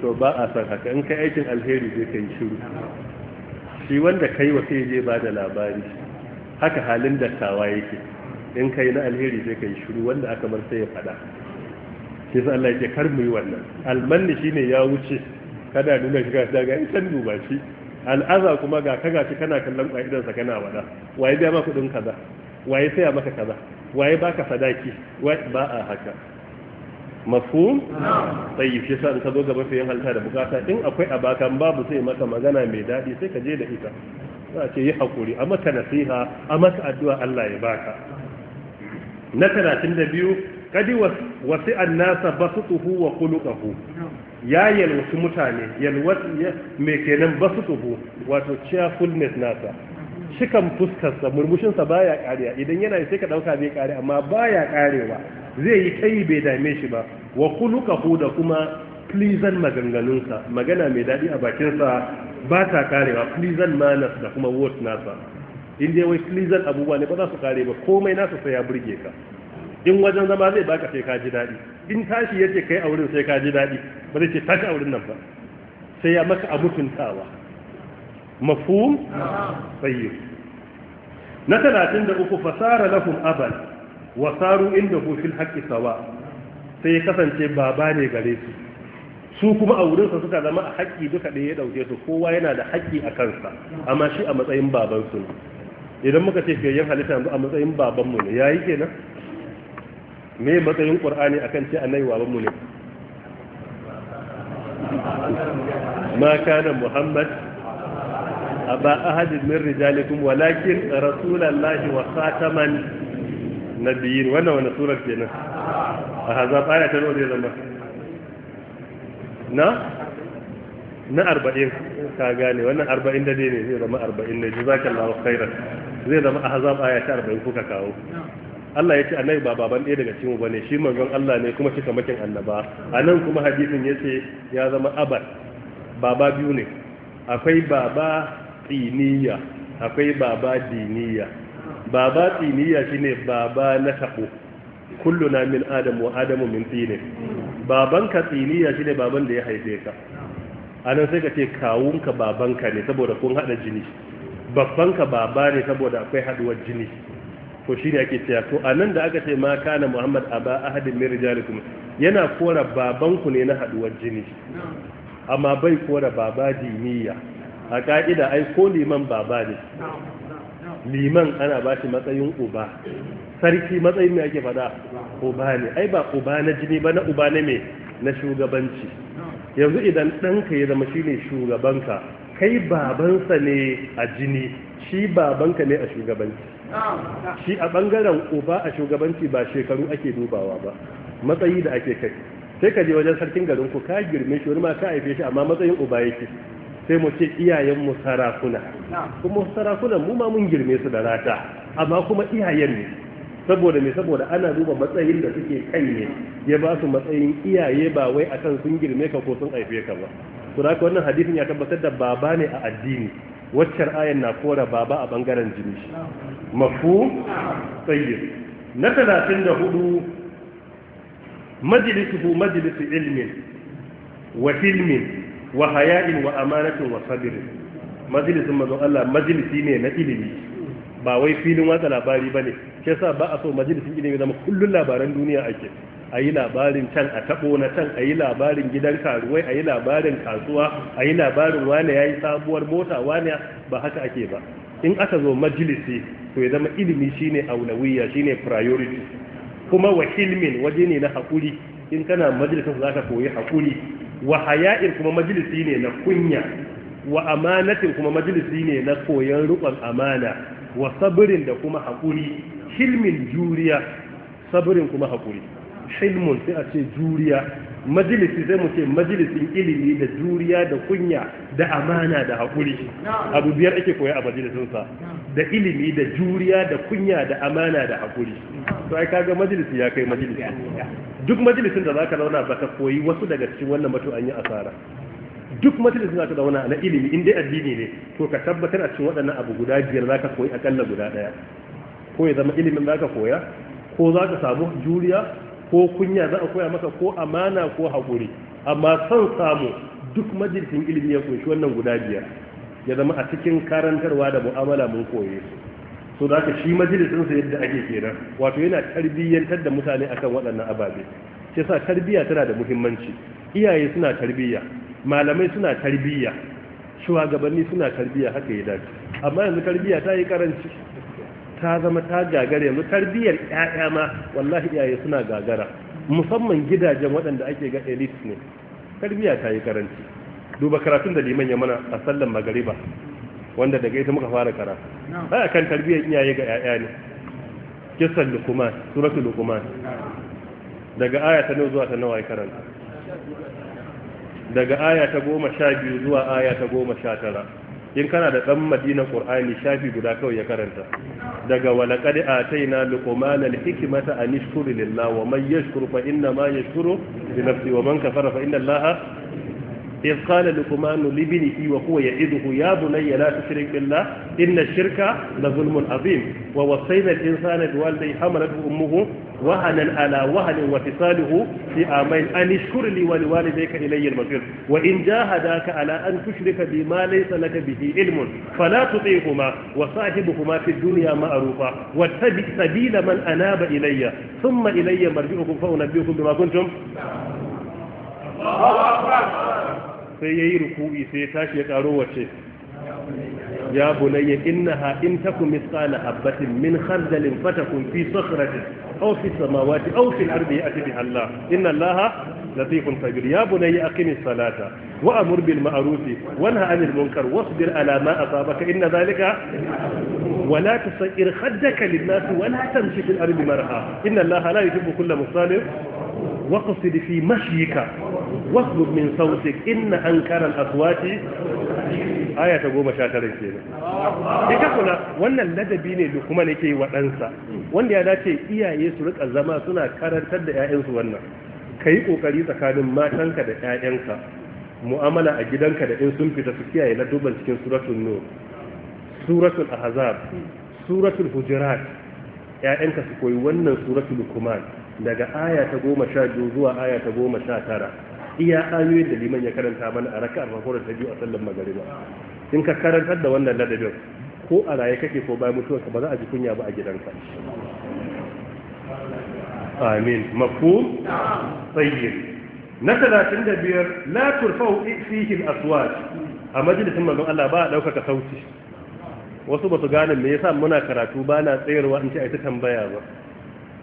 to ba a san haka in kai aikin alheri zai kai shiru shi wanda kai wa sai je ba da labari haka halin dattawa yake in kai na alheri zai kai shiru wanda aka bar sai ya fada shi sa Allah ya kar mu yi wannan almanni shine ya wuce kada nuna shiga daga in san duba shi al'aza kuma ga ka gashi kana kallon ƙwa'idan sa kana wada waye biya maka kuɗin kaza waye saya maka kaza waye baka sadaki ba a haka mafhum tayyib shi sa in ka zo gaba sai halta da bukata in akwai abakan babu sai maka magana mai daɗi sai ka je da ita za a ce yi hakuri a maka nasiha a maka addu'a Allah ya baka na 32 kadi wasi annasa basutuhu wa khuluquhu ya yalwaci mutane mai kenan ba su tsoho wato cheerfulness nasa cikan fuskarsa murmushinsa ba ya kariya idan yana sai ka dauka bai kare amma ba ya karewa zai yi kai bai dame shi ba wa ku da kuma plizan maganganunsa magana mai daɗi a bakinsa ba ta karewa plizan manas da kuma word nasa in dai wai pleasant abubuwa ne ba za su kare ba komai nasa sai ya burge ka in wajen zama zai baka sai ka ji daɗi in tashi yake kai a wurin sai ka ji daɗi ba zai ce tashi a wurin nan ba sai ya maka a tuntawa mafhum tayyib na talatin da uku fasara lahum aban wa saru indahu fil haqqi sawa sai ya kasance baba ne gare su su kuma a wurinsa suka zama a haƙƙi duka ɗaya ya ɗauke su kowa yana da haƙƙi a kansa amma shi a matsayin babansu ne idan muka ce fiyayyen halitta yanzu a matsayin babanmu ne ya yi kenan Ne matsayin qur'ani akan ce annabi babanmu ne Maka kana muhammad a ba aba ahadin min rijalikum walakin Rasulallah wa na nabiyyin wannan wani surar kenan a hazab aya ta nawa zai zama na na arba'in ka gane wannan arba'in da ne zai zama arba'in ne lawa khairan zai zama a hazab aya ta arba'in kuka kawo Allah ya ce annabi ba baban ɗaya daga cikin bane shi manzon Allah ne kuma shi kamakin annaba a nan kuma hadisin yace ya zama abad baba biyu ne akwai baba tsiniya akwai baba diniya baba tsiniya shine baba na tabo kulluna min adam wa adamu min tsini baban ka tsiniya shine baban da ya haife ka anan sai ka ce kawunka babanka ne saboda kun hada jini baffanka baba ne saboda akwai haɗuwar jini to shi ne ake cewa to a nan da aka ce ma kana muhammad aba ahadin min rijalikum yana kora babanku ne na haduwar jini amma bai kora baba diniya a ka'ida ai ko liman baba ne liman ana ba shi matsayin uba sarki matsayin mai ake fada uba ne ai ba uba na jini ba na uba ne mai na shugabanci yanzu idan ɗanka ya zama shine shugabanka kai babansa ne a jini shi babanka ne a shugabanci shi a bangaren uba a shugabanci ba shekaru ake dubawa ba matsayi da ake kai sai ka je wajen sarkin garin ku ka girme shi wani ma ka haife shi amma matsayin uba yake sai mu ce iyayen mu sarakuna kuma sarakuna mu ma mun girme su da rata amma kuma iyayen ne saboda me saboda ana duba matsayin da suke kai ne ya ba su matsayin iyaye ba wai akan sun girme ka ko sun haife ka ba to ka wannan hadisin ya tabbatar da baba ne a addini waccar ayan na kora baba a bangaren jini mafu tsayyir na 34 da hudu majalisuhu majalisu ilmin wa filmin wa haya'in wa amanatin wa sabirin majalisun mazan Allah majalisi ne na ilimi ba wai filin watsa labari ba ne ke sa ba a so majalisun ilimi zama kullum labaran duniya ake a yi labarin can a taɓo na can a yi labarin gidan karuwai a yi labarin kasuwa a yi labarin wane ya yi sabuwar mota wane ba haka ake ba in aka zo majalisi to ya zama ilimi shine aulawiya shine priority kuma wa ilmin waje ne na haƙuri in kana majalisa za ka koyi haƙuri wa haya'in kuma majalisi ne na kunya wa amanatin kuma majalisi ne na koyon rukon amana wa sabirin da kuma haƙuri hilmin juriya sabirin kuma haƙuri hilmun sai a ce juriya majalisi sai mu ce majalisin ilimi da juriya da kunya da amana da haƙuri abu biyar ake koya a majalisinsa da ilimi da juriya da kunya da amana da haƙuri to ai kaga majalisi ya kai majalisi duk majalisin da zaka zauna baka koyi wasu daga cikin wannan mato an yi asara duk majalisin zaka zauna na ilimi in dai addini ne to ka tabbatar a cikin waɗannan abu guda biyar zaka koyi akalla guda ɗaya ko ya zama ilimin zaka koya ko zaka samu juriya ko kunya za a koya maka ko amana ko haƙuri amma son samu duk majalisin ilimi ya kunshi wannan guda biyar ya zama a cikin karantarwa da mu'amala mun koye su so da ka shi majalisin sa yadda ake kenan wato yana tarbiyyantar da mutane akan waɗannan ababe shi sa tarbiyya tana da muhimmanci iyaye suna tarbiyya malamai suna tarbiyya shugabanni suna tarbiyya haka ya dace amma yanzu tarbiyya ta yi karanci ta zama ta gagare mu tarbiyyar ƴaƴa ma wallahi iyaye suna gagara musamman gidajen waɗanda ake ga elite ne tarbiyya ta yi karanci duba karatun da liman ya mana a sallan magariba wanda daga ita muka fara karatu baya kan tarbiyyar iyaye ga ƴaƴa ne kisan lukuman suratul lukuman daga aya ta nawa zuwa ta nawa ya karanta daga aya ta goma sha biyu zuwa aya ta goma sha tara in kana da dan madina qur'ani shafi guda kawai ya karanta daga walaqad ataina luqman alhikmata an yashkuru lillahi wa man yashkuru fa inna ma yashkuru li nafsihi wa man kafara fa inna allaha إذ قال لقمان لابنه وهو يعده يا بني لا تشرك بالله إن الشرك لظلم عظيم ووصينا الإنسان بوالديه حملته أمه وهنا على وهن وفصاله في عامين أن اشكر لي ولوالديك إلي المصير وإن جاهداك على أن تشرك بما ليس لك به علم فلا تطيعهما وصاحبهما في الدنيا معروفا واتبع سبيل من أناب إلي ثم إلي مرجعكم فأنبئكم بما كنتم الله أكبر sai ya yi ruku'i sai ya tashi ya ƙaro wace ya bunayya ha in takum mithqala habatin min khardalin kun fi sakhratin aw sama samawati aw fi ya ardi ya'ti biha Allah inna Allaha latifun sabir ya bunayya aqimis salata wa amur bil ma'ruf wa nahy 'anil munkar wasbir ala ma asabaka inna dhalika wa la tusayyir khaddaka lin-nas wa la tamshi fil ardi marha inna Allaha la yuhibbu kulla kusa da fi mashyika wasu min sautik ina an karan aswaci aya ta goma shataren ke ne kula, wannan ladabi ne da kuma nake yi waɗansa wanda ya dace iyaye su rika zama suna karantar da 'ya'yansu wannan ka yi ƙoƙari tsakanin matanka da 'ya'yanka mu'amala a gidanka da in sun fita su kiyaye na cikin suratun nur suratun ahazab suratun hujirat 'ya'yanka su koyi wannan suratun kuma daga aya ta goma sha zuwa aya ta goma sha tara iya ayoyin da liman ya karanta mana a raka a ta biyu a sallar magariba in ka karantar da wannan ladabin ko a raye kake ko bayan mutuwarka ba za a ji kunya ba a gidanka amin mafu tsayyir na talatin da la turfa'u fihi al a majalisin manzon Allah ba a ɗaukaka sauti wasu ba su gane me yasa muna karatu ba na tsayarwa in ce yi ta tambaya ba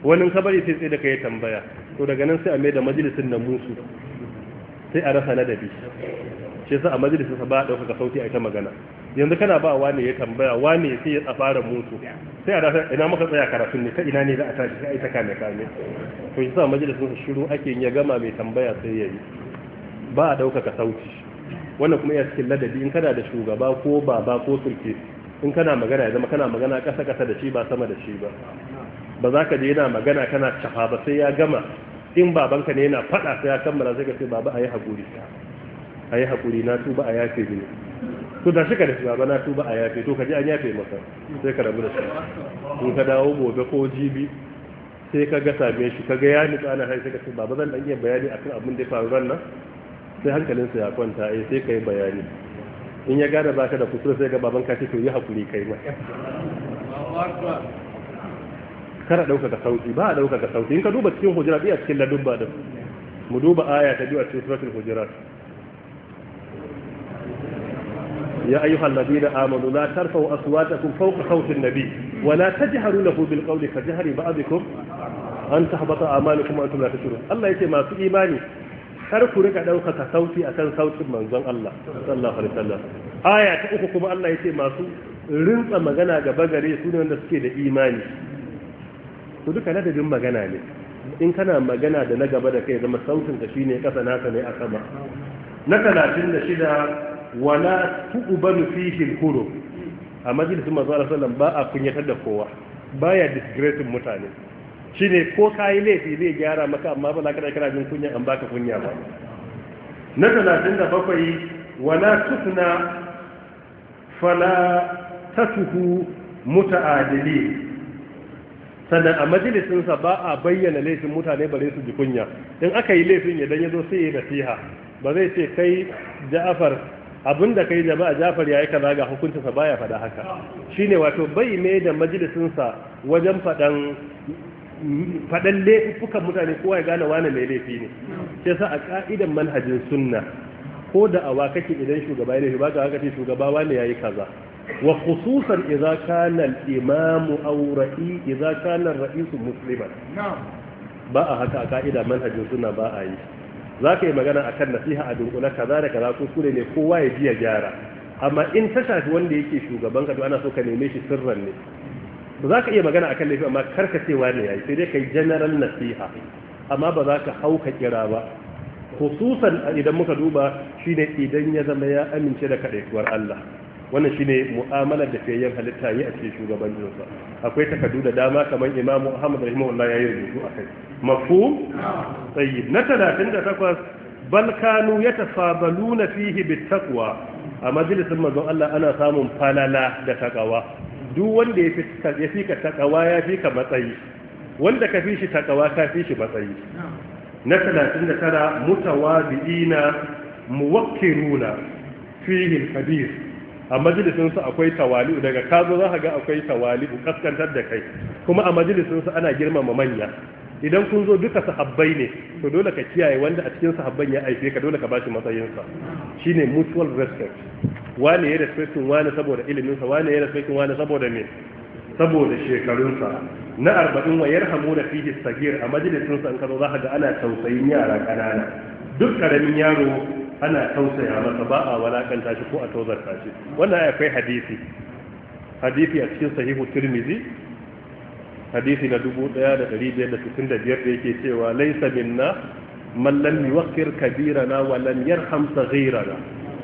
wani kabari sai tsaye da kai tambaya to daga nan sai a mai da majalisin na musu sai a rasa ladabi shi yasa a majalisin sa ba a ɗaukaka sauti a ita magana yanzu kana ba wane ya tambaya ne sai ya fara mutu sai a rasa ina muka tsaya karatun ne ka ina ne za a tashi sai a ita kame kame to yasa majalisin sa shiru ake ya gama mai tambaya sai ya yi ba a ɗaukaka sauti wannan kuma iya cikin ladabi in kana da shugaba ko baba ko sulke in kana magana ya zama kana magana ƙasa kasa da shi ba sama da shi ba ba za ka je yana magana kana cafa ba sai ya gama in babanka ne yana faɗa sai ya kammala sai ka ce baba a yi haƙuri a yi haƙuri na tuba a yafe ne to da shika da shi baba na tuba a yafe to ka ji an yafe masa sai ka rabu da shi in ka dawo gobe ko jibi sai ka ga same shi ka ga ya tsana ana hai sai ka ce baba zan dan iya bayani akan abin da ya faru ran nan sai hankalinsa ya kwanta eh sai ka yi bayani in ya gada baka da kusur sai ga baban ce to yi haƙuri kai ma kar a ɗaukaka sauti ba a ɗaukaka sauti in ka duba cikin hujurat iya cikin ladubba din mu duba aya ta biyu a cikin suratul hujurat يا أيها الذين آمنوا لا ترفعوا أصواتكم فوق صوت النبي ولا تجهروا له بالقول كجهر بعضكم أن تحبط أعمالكم وأنتم لا تشعرون الله يتي masu imani. Kar ku rika ɗaukaka sauti akan sautin manzon Allah sallallahu alaihi wasallam aya ta uku kuma Allah yace masu rinsa magana gaba gare su ne wanda suke da imani to duka ladabin magana ne in kana magana da na gaba da kai zama sautin ka shine kasa naka ne a sama na shida, wala tuqbalu fihi al a majalisin manzo Allah ba a kunyatar da kowa baya disgracing mutane shine ko kai laifi zai gyara maka amma ba za ka kira jin kunya an baka kunya ba na 37 wala tusna fala tasuhu muta'adilin sannan a majalisinsa ba a bayyana laifin mutane bare su ji kunya in aka yi laifin idan ya zo sai ya nasiha ba zai ce kai ja'afar abinda kai jama'a ja'afar yayi kaza ga sa baya faɗa haka shine wato bai mai da majalisinsa wajen faɗan faɗan laifukan mutane kowa ya gane wane mai laifi ne sai sa a ka'idan manhajin sunna ko da awa kake idan shugaba ya laifi baka haka shugaba wane yayi kaza wa khususan idza kana al-imam aw ra'i idza kana ar-ra'is musliman ba a haka a ka'ida manhajin sunna ba a yi zaka yi magana akan nasiha a dunkula kaza da kaza kure ne kowa ya jiya gyara amma in ta shafi wanda yake shugaban ka to ana so ka neme shi sirran ne za ka iya magana akan laifi amma karka cewa ne yayi sai dai kai general nasiha amma ba za ka hauka kira ba khususan idan muka duba shine idan ya zama ya amince da kadaituwar Allah wannan shine mu'amalar da fiyayyen halitta yi a cikin shugabancinsa akwai takardu da dama kamar Imam Ahmad rahimahullah yayi rubutu akai Mafu, tayyib na 38 bal kanu yatafabaluna fihi bittaqwa a majalisin manzon Allah ana samun falala da takawa duk wanda ya fi ka takawa ya fi ka matsayi wanda ka fi shi takawa ka fi shi matsayi na 39 mutawabi'ina muwakkiruna fihi al-kabir a majlisinsa akwai tawali'u daga kazo za ka ga akwai tawali'u kaskantar da kai kuma a majalisinsu ana girmama manya idan kun zo duka sahabbai ne to dole ka kiyaye wanda a cikin sahabban ya aife ka dole ka bashi matsayinsa shine mutual respect wani ya respectin wani saboda iliminsa wani ya respectin wani saboda me saboda shekarunsa na arba'in wa yarhamu da fihi sagir a majalisinsa in ka za ka ga ana tausayin yara ƙanana duk karamin yaro ana tausaya masa ba a walakanta shi ko a tozarta shi wannan akwai hadisi hadisi a cikin sahihu tirmizi hadisi na 1565 da yake cewa laysa minna man lam na kabirana wa lam yarham saghirana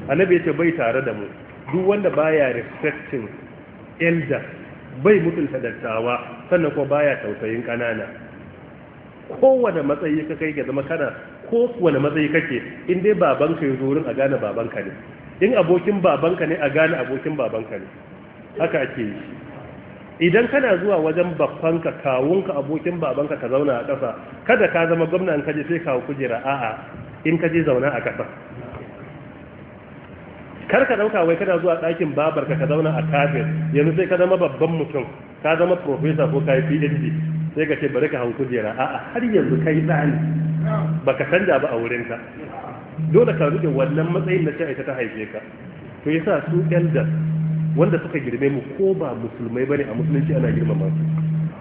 annabi yace bai tare da mu duk wanda baya respecting elder bai mutunta dattawa sannan ko baya tausayin kanana kowane matsayi ka kai ga zama kana ko wani matsayi kake in dai babanka ya zurin a gane babanka ne in abokin babanka ne a gane abokin babanka ne haka ake yi idan kana zuwa wajen babbanka kawunka abokin babanka ka zauna a ƙasa kada ka zama gwamna in kaje sai kawo kujera a'a in kaje zauna a ƙasa kar ka ɗauka wai kana zuwa ɗakin babarka ka zauna a kafin yanzu sai ka zama babban mutum ka zama profesa ko ka yi phd sai ka ce bari ka hau kujera a har yanzu kai tsani. Ba ka canja ba a wurinka dole ka rike wannan matsayin da ta ta haife ka to yasa su elders wanda suka girme mu ko ba musulmai bane a musulunci ana girmama su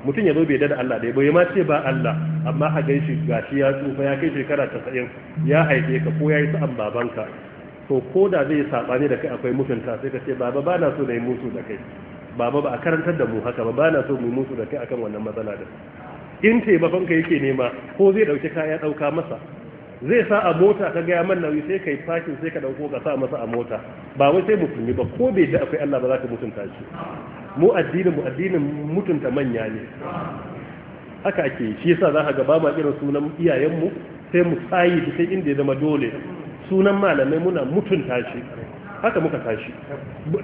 mutum ya zo bai dada Allah ɗaya bai ma ce ba Allah amma a gan shi gashi ya tsufa ya kai shekara casa'in ya haife ka ko ya yi sa'an babanka to ko da zai saɓani da kai akwai mutunta sai ka ce baba ba na so na yi musu da kai baba ba a karantar da mu haka ba ba na so mu musu da kai akan wannan matsala da in ba ka yake nema ko zai dauki kaya dauka masa zai sa a mota ka gaya man nauyi sai kai fashin sai ka dauko ka sa masa a mota ba wai sai musulmi ba ko bai da akwai Allah ba za ka mutunta shi mu addinin mu addinin mutunta manya ne haka ake shi yasa za ka ga ba ma irin sunan mu sai mu tsayi sai inda ya zama dole sunan malamai muna mutunta shi haka muka tashi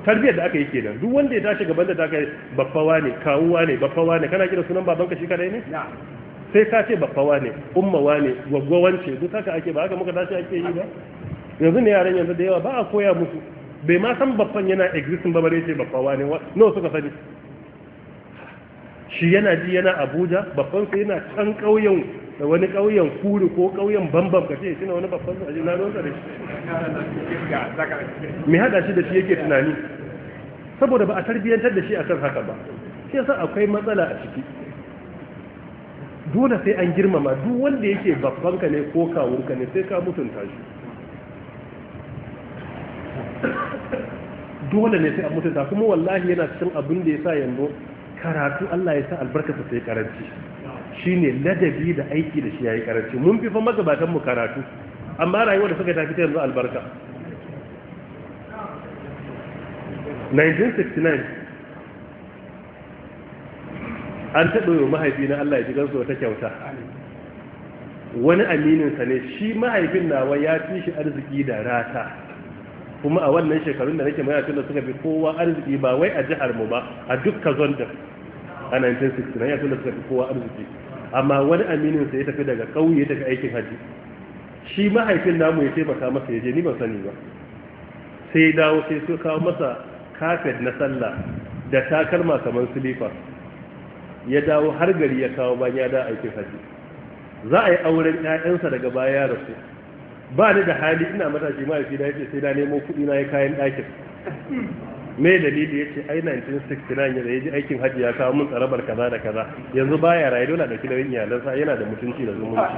tarbiyyar da aka yi kenan duk wanda ya tashi gaban da ta kai baffawa ne kawuwa ne baffawa ne kana kira sunan babanka shi kadai ne sai ka ce baffawa ne ummawa ne gwaggwawance duk haka ake ba haka muka tashi ake yi ba yanzu ne yaran yanzu da yawa ba a koya musu bai ma san baffan yana existing ba bare ce baffawa ne no suka sani shi yana ji yana abuja baffan sai yana can ƙauyen da wani ƙauyen kuri ko ƙauyen bambam ka ce tuna wani babban su aji na ruwansa da shi mai haɗa shi da shi yake tunani saboda ba a tarbiyyantar da shi a kan haka ba shi yasa akwai matsala a ciki dole sai an girmama duk wanda yake babban ka ne ko kawun ka ne sai ka mutunta shi dole ne sai an mutunta kuma wallahi yana cikin abin da ya sa yanzu karatu Allah ya sa albarka sai karanci Shi ne ladabi da aiki da shi ya yi karanci mun fi fa magabatan mu karatu amma rayuwar da suka tafi ta yanzu albarka 1969 an taɓa yau mahaifi na Allah ya ji gansu wata kyauta wani amininsa ne shi mahaifin nawa ya fi shi arziki da rata kuma a wannan shekarun da nake mayafin da suka fi kowa arziki ba wai a jihar mu ba a dukkan zondar a 1969 ya da suka fi kowa arziki amma wani aminin sai ya tafi daga kauye daga aikin haji shi mahaifin namu ya taimaka masa ya je ni ban sani ba sai ya dawo sai su kawo masa kafet na sallah da takalma kamar silifa ya dawo har gari ya kawo bayan ya da aikin haji za a yi auren ƴaƴansa daga baya ya rasu ba ni da hali ina matashi mahaifi na ce sai na nemo kuɗi na ya kayan ɗakin me dalili ya ce ai 1969 ya ya ji aikin hajji ya kawo mun tsarabar kaza da kaza yanzu baya rayu dole da kidan iyalansa yana da mutunci da zumunci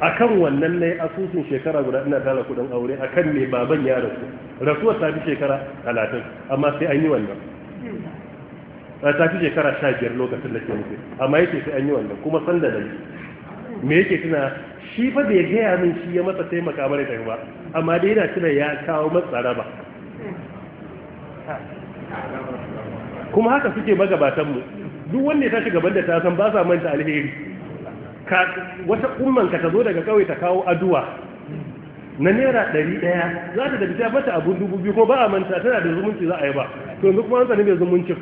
a kan wannan ne asusun shekara guda ina tara kudin aure a kan mai baban ya rasu rasuwar ta fi shekara 30 amma sai an yi wannan ta fi shekara sha biyar lokacin da ke nufi amma yake sai an yi wannan kuma san da dalili me yake tuna shi fa bai gaya min shi ya matsa taimaka mara tafi ba amma dai yana tuna ya kawo matsara ba kuma haka suke magabatanmu duk wanda ta shiga banda ta san ba sa manta alheri ka wata umman ka ta zo daga kawai ta kawo aduwa na naira ɗari ɗaya za ta da ta mata abun dubu biyu kuma ba a manta tana da zumunci za a yi ba to yanzu kuma an sani mai zumuncin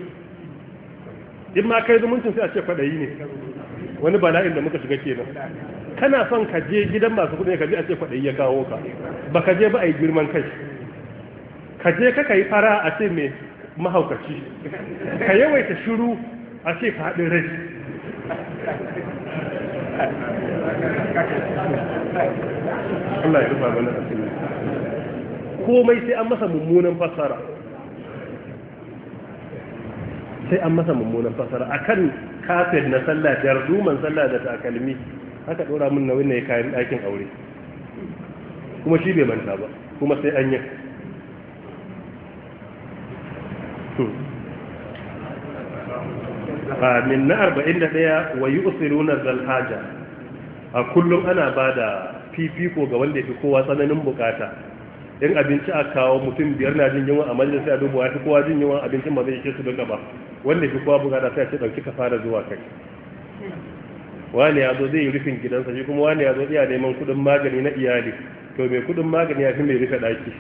in ma kai zumuncin sai a ce kwaɗayi ne wani bala'in da muka shiga kenan kana son ka je gidan masu kuɗi ka je a ce kwaɗayi ya kawo ka ba ka je ba a yi girman kai ka je ka yi fara a ce mai mahaukaci ka yawaita shiru a ce haɗin rai Allah ya komai sai an masa mummunan fassara sai an masa mummunan fassara akan kafin na sallah jarduman sallah da takalmi haka ɗora mun nauyin ne kayan ɗakin aure kuma shi bai manta ba kuma sai an yi Hmm. Ah, min na 41 wa yusiruna zal haja a kullum ana da fifiko ga wanda fi kowa tsananin bukata in abinci a kawo mutum biyar na jin yunwa a sai a dubuwa fi kowa jin yunwa abincin ba zai ishe su duka ba wanda fi kowa bukata sai a ce ɗauki ka fara zuwa kai wani ya zo zai yi rufin gidansa shi kuma wani ya zo iya neman kudin magani na iyali to mai kudin magani ya fi mai rufe ɗaki?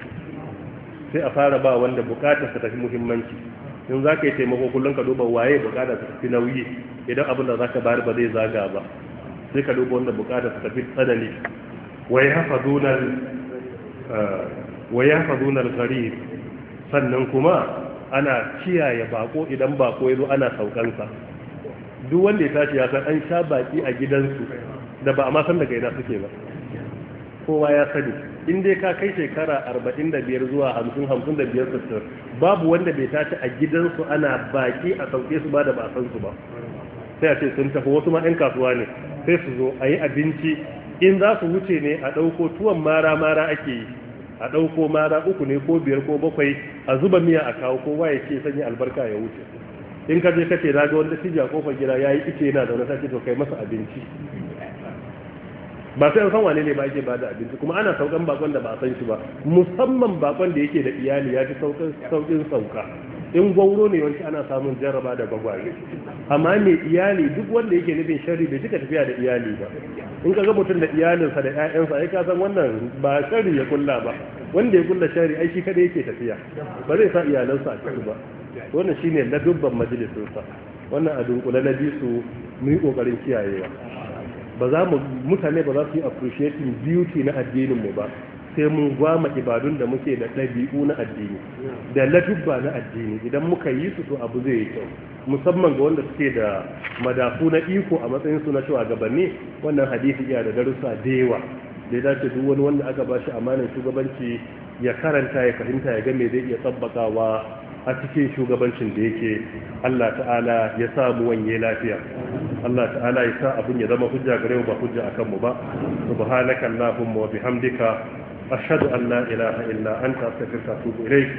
sai a fara ba wanda bukatar ka tafi muhimmanci in za ka yi taimako kullum ka duba waye bukatar ka tafi nauyi idan abin da za ka bayar ba zai zaga ba sai ka duba wanda bukatar ka tafi tsanani wai hafa zunar gari sannan kuma ana kiyaye bako idan bako ya zo ana saukansa duk wanda ya tashi ya san an sha baki a gidansu da ba a ma san daga ina suke ba kowa ya sani in dai ka kai shekara 45 zuwa 50 55 babu wanda bai tashi a gidansu ana baki a sauke su ba da ba san su ba sai a ce sun tafi wasu ma ɗan kasuwa ne sai su zo a yi abinci in za su wuce ne a ɗauko tuwon mara mara ake yi a ɗauko mara uku ne ko biyar ko bakwai a zuba miya a kawo kowa ya ce sanya albarka ya wuce in ka je kace na ga wanda a kofar gida yayi ice yana da wani sake to kai masa abinci ba sai an san wane ne ba yake bada abinci kuma ana saukan bakon da ba a san shi ba musamman bakon da yake da iyali ya fi saukin sauka in gwauro ne wanki ana samun jarraba da gwagware amma mai iyali duk wanda yake nufin shari bai cika tafiya da iyali ba in ka ga mutum da iyalinsa da 'ya'yansa ai ka san wannan ba shari ya kulla ba wanda ya kulla shari ai shi kada yake tafiya ba zai sa iyalansa a ciki ba wannan shine ladubban majalisinsa wannan a dunkule na bisu mu yi kokarin kiyayewa ba za mu mutane ba za su yi appreciating beauty na addinin mu ba sai mun gwama ibadun da muke da ɗabi'u na addini da ladubba na addini idan muka yi su to abu zai yi kyau musamman ga wanda suke da madafu na iko a matsayin su na shugabanni wannan hadisi iya da darussa da yawa da ya dace duk wani wanda aka ba shi amanar shugabanci ya karanta ya fahimta ya ga me zai iya tabbatawa a cikin shugabancin da yake Allah ta'ala ya sa mu wanye lafiya Allah ta'ala ya sa abin ya zama hujja gare mu ba hujja akan mu ba subhanaka allahumma wa bihamdika ashhadu an la ilaha illa anta astaghfiruka wa atubu ilayk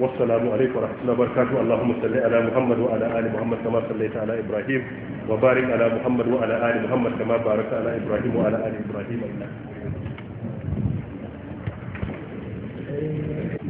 والسلام عليكم ورحمة الله وبركاته اللهم صل على محمد وعلى آل محمد كما صليت على إبراهيم وبارك على محمد وعلى آل محمد كما باركت ala إبراهيم وعلى آل إبراهيم إنك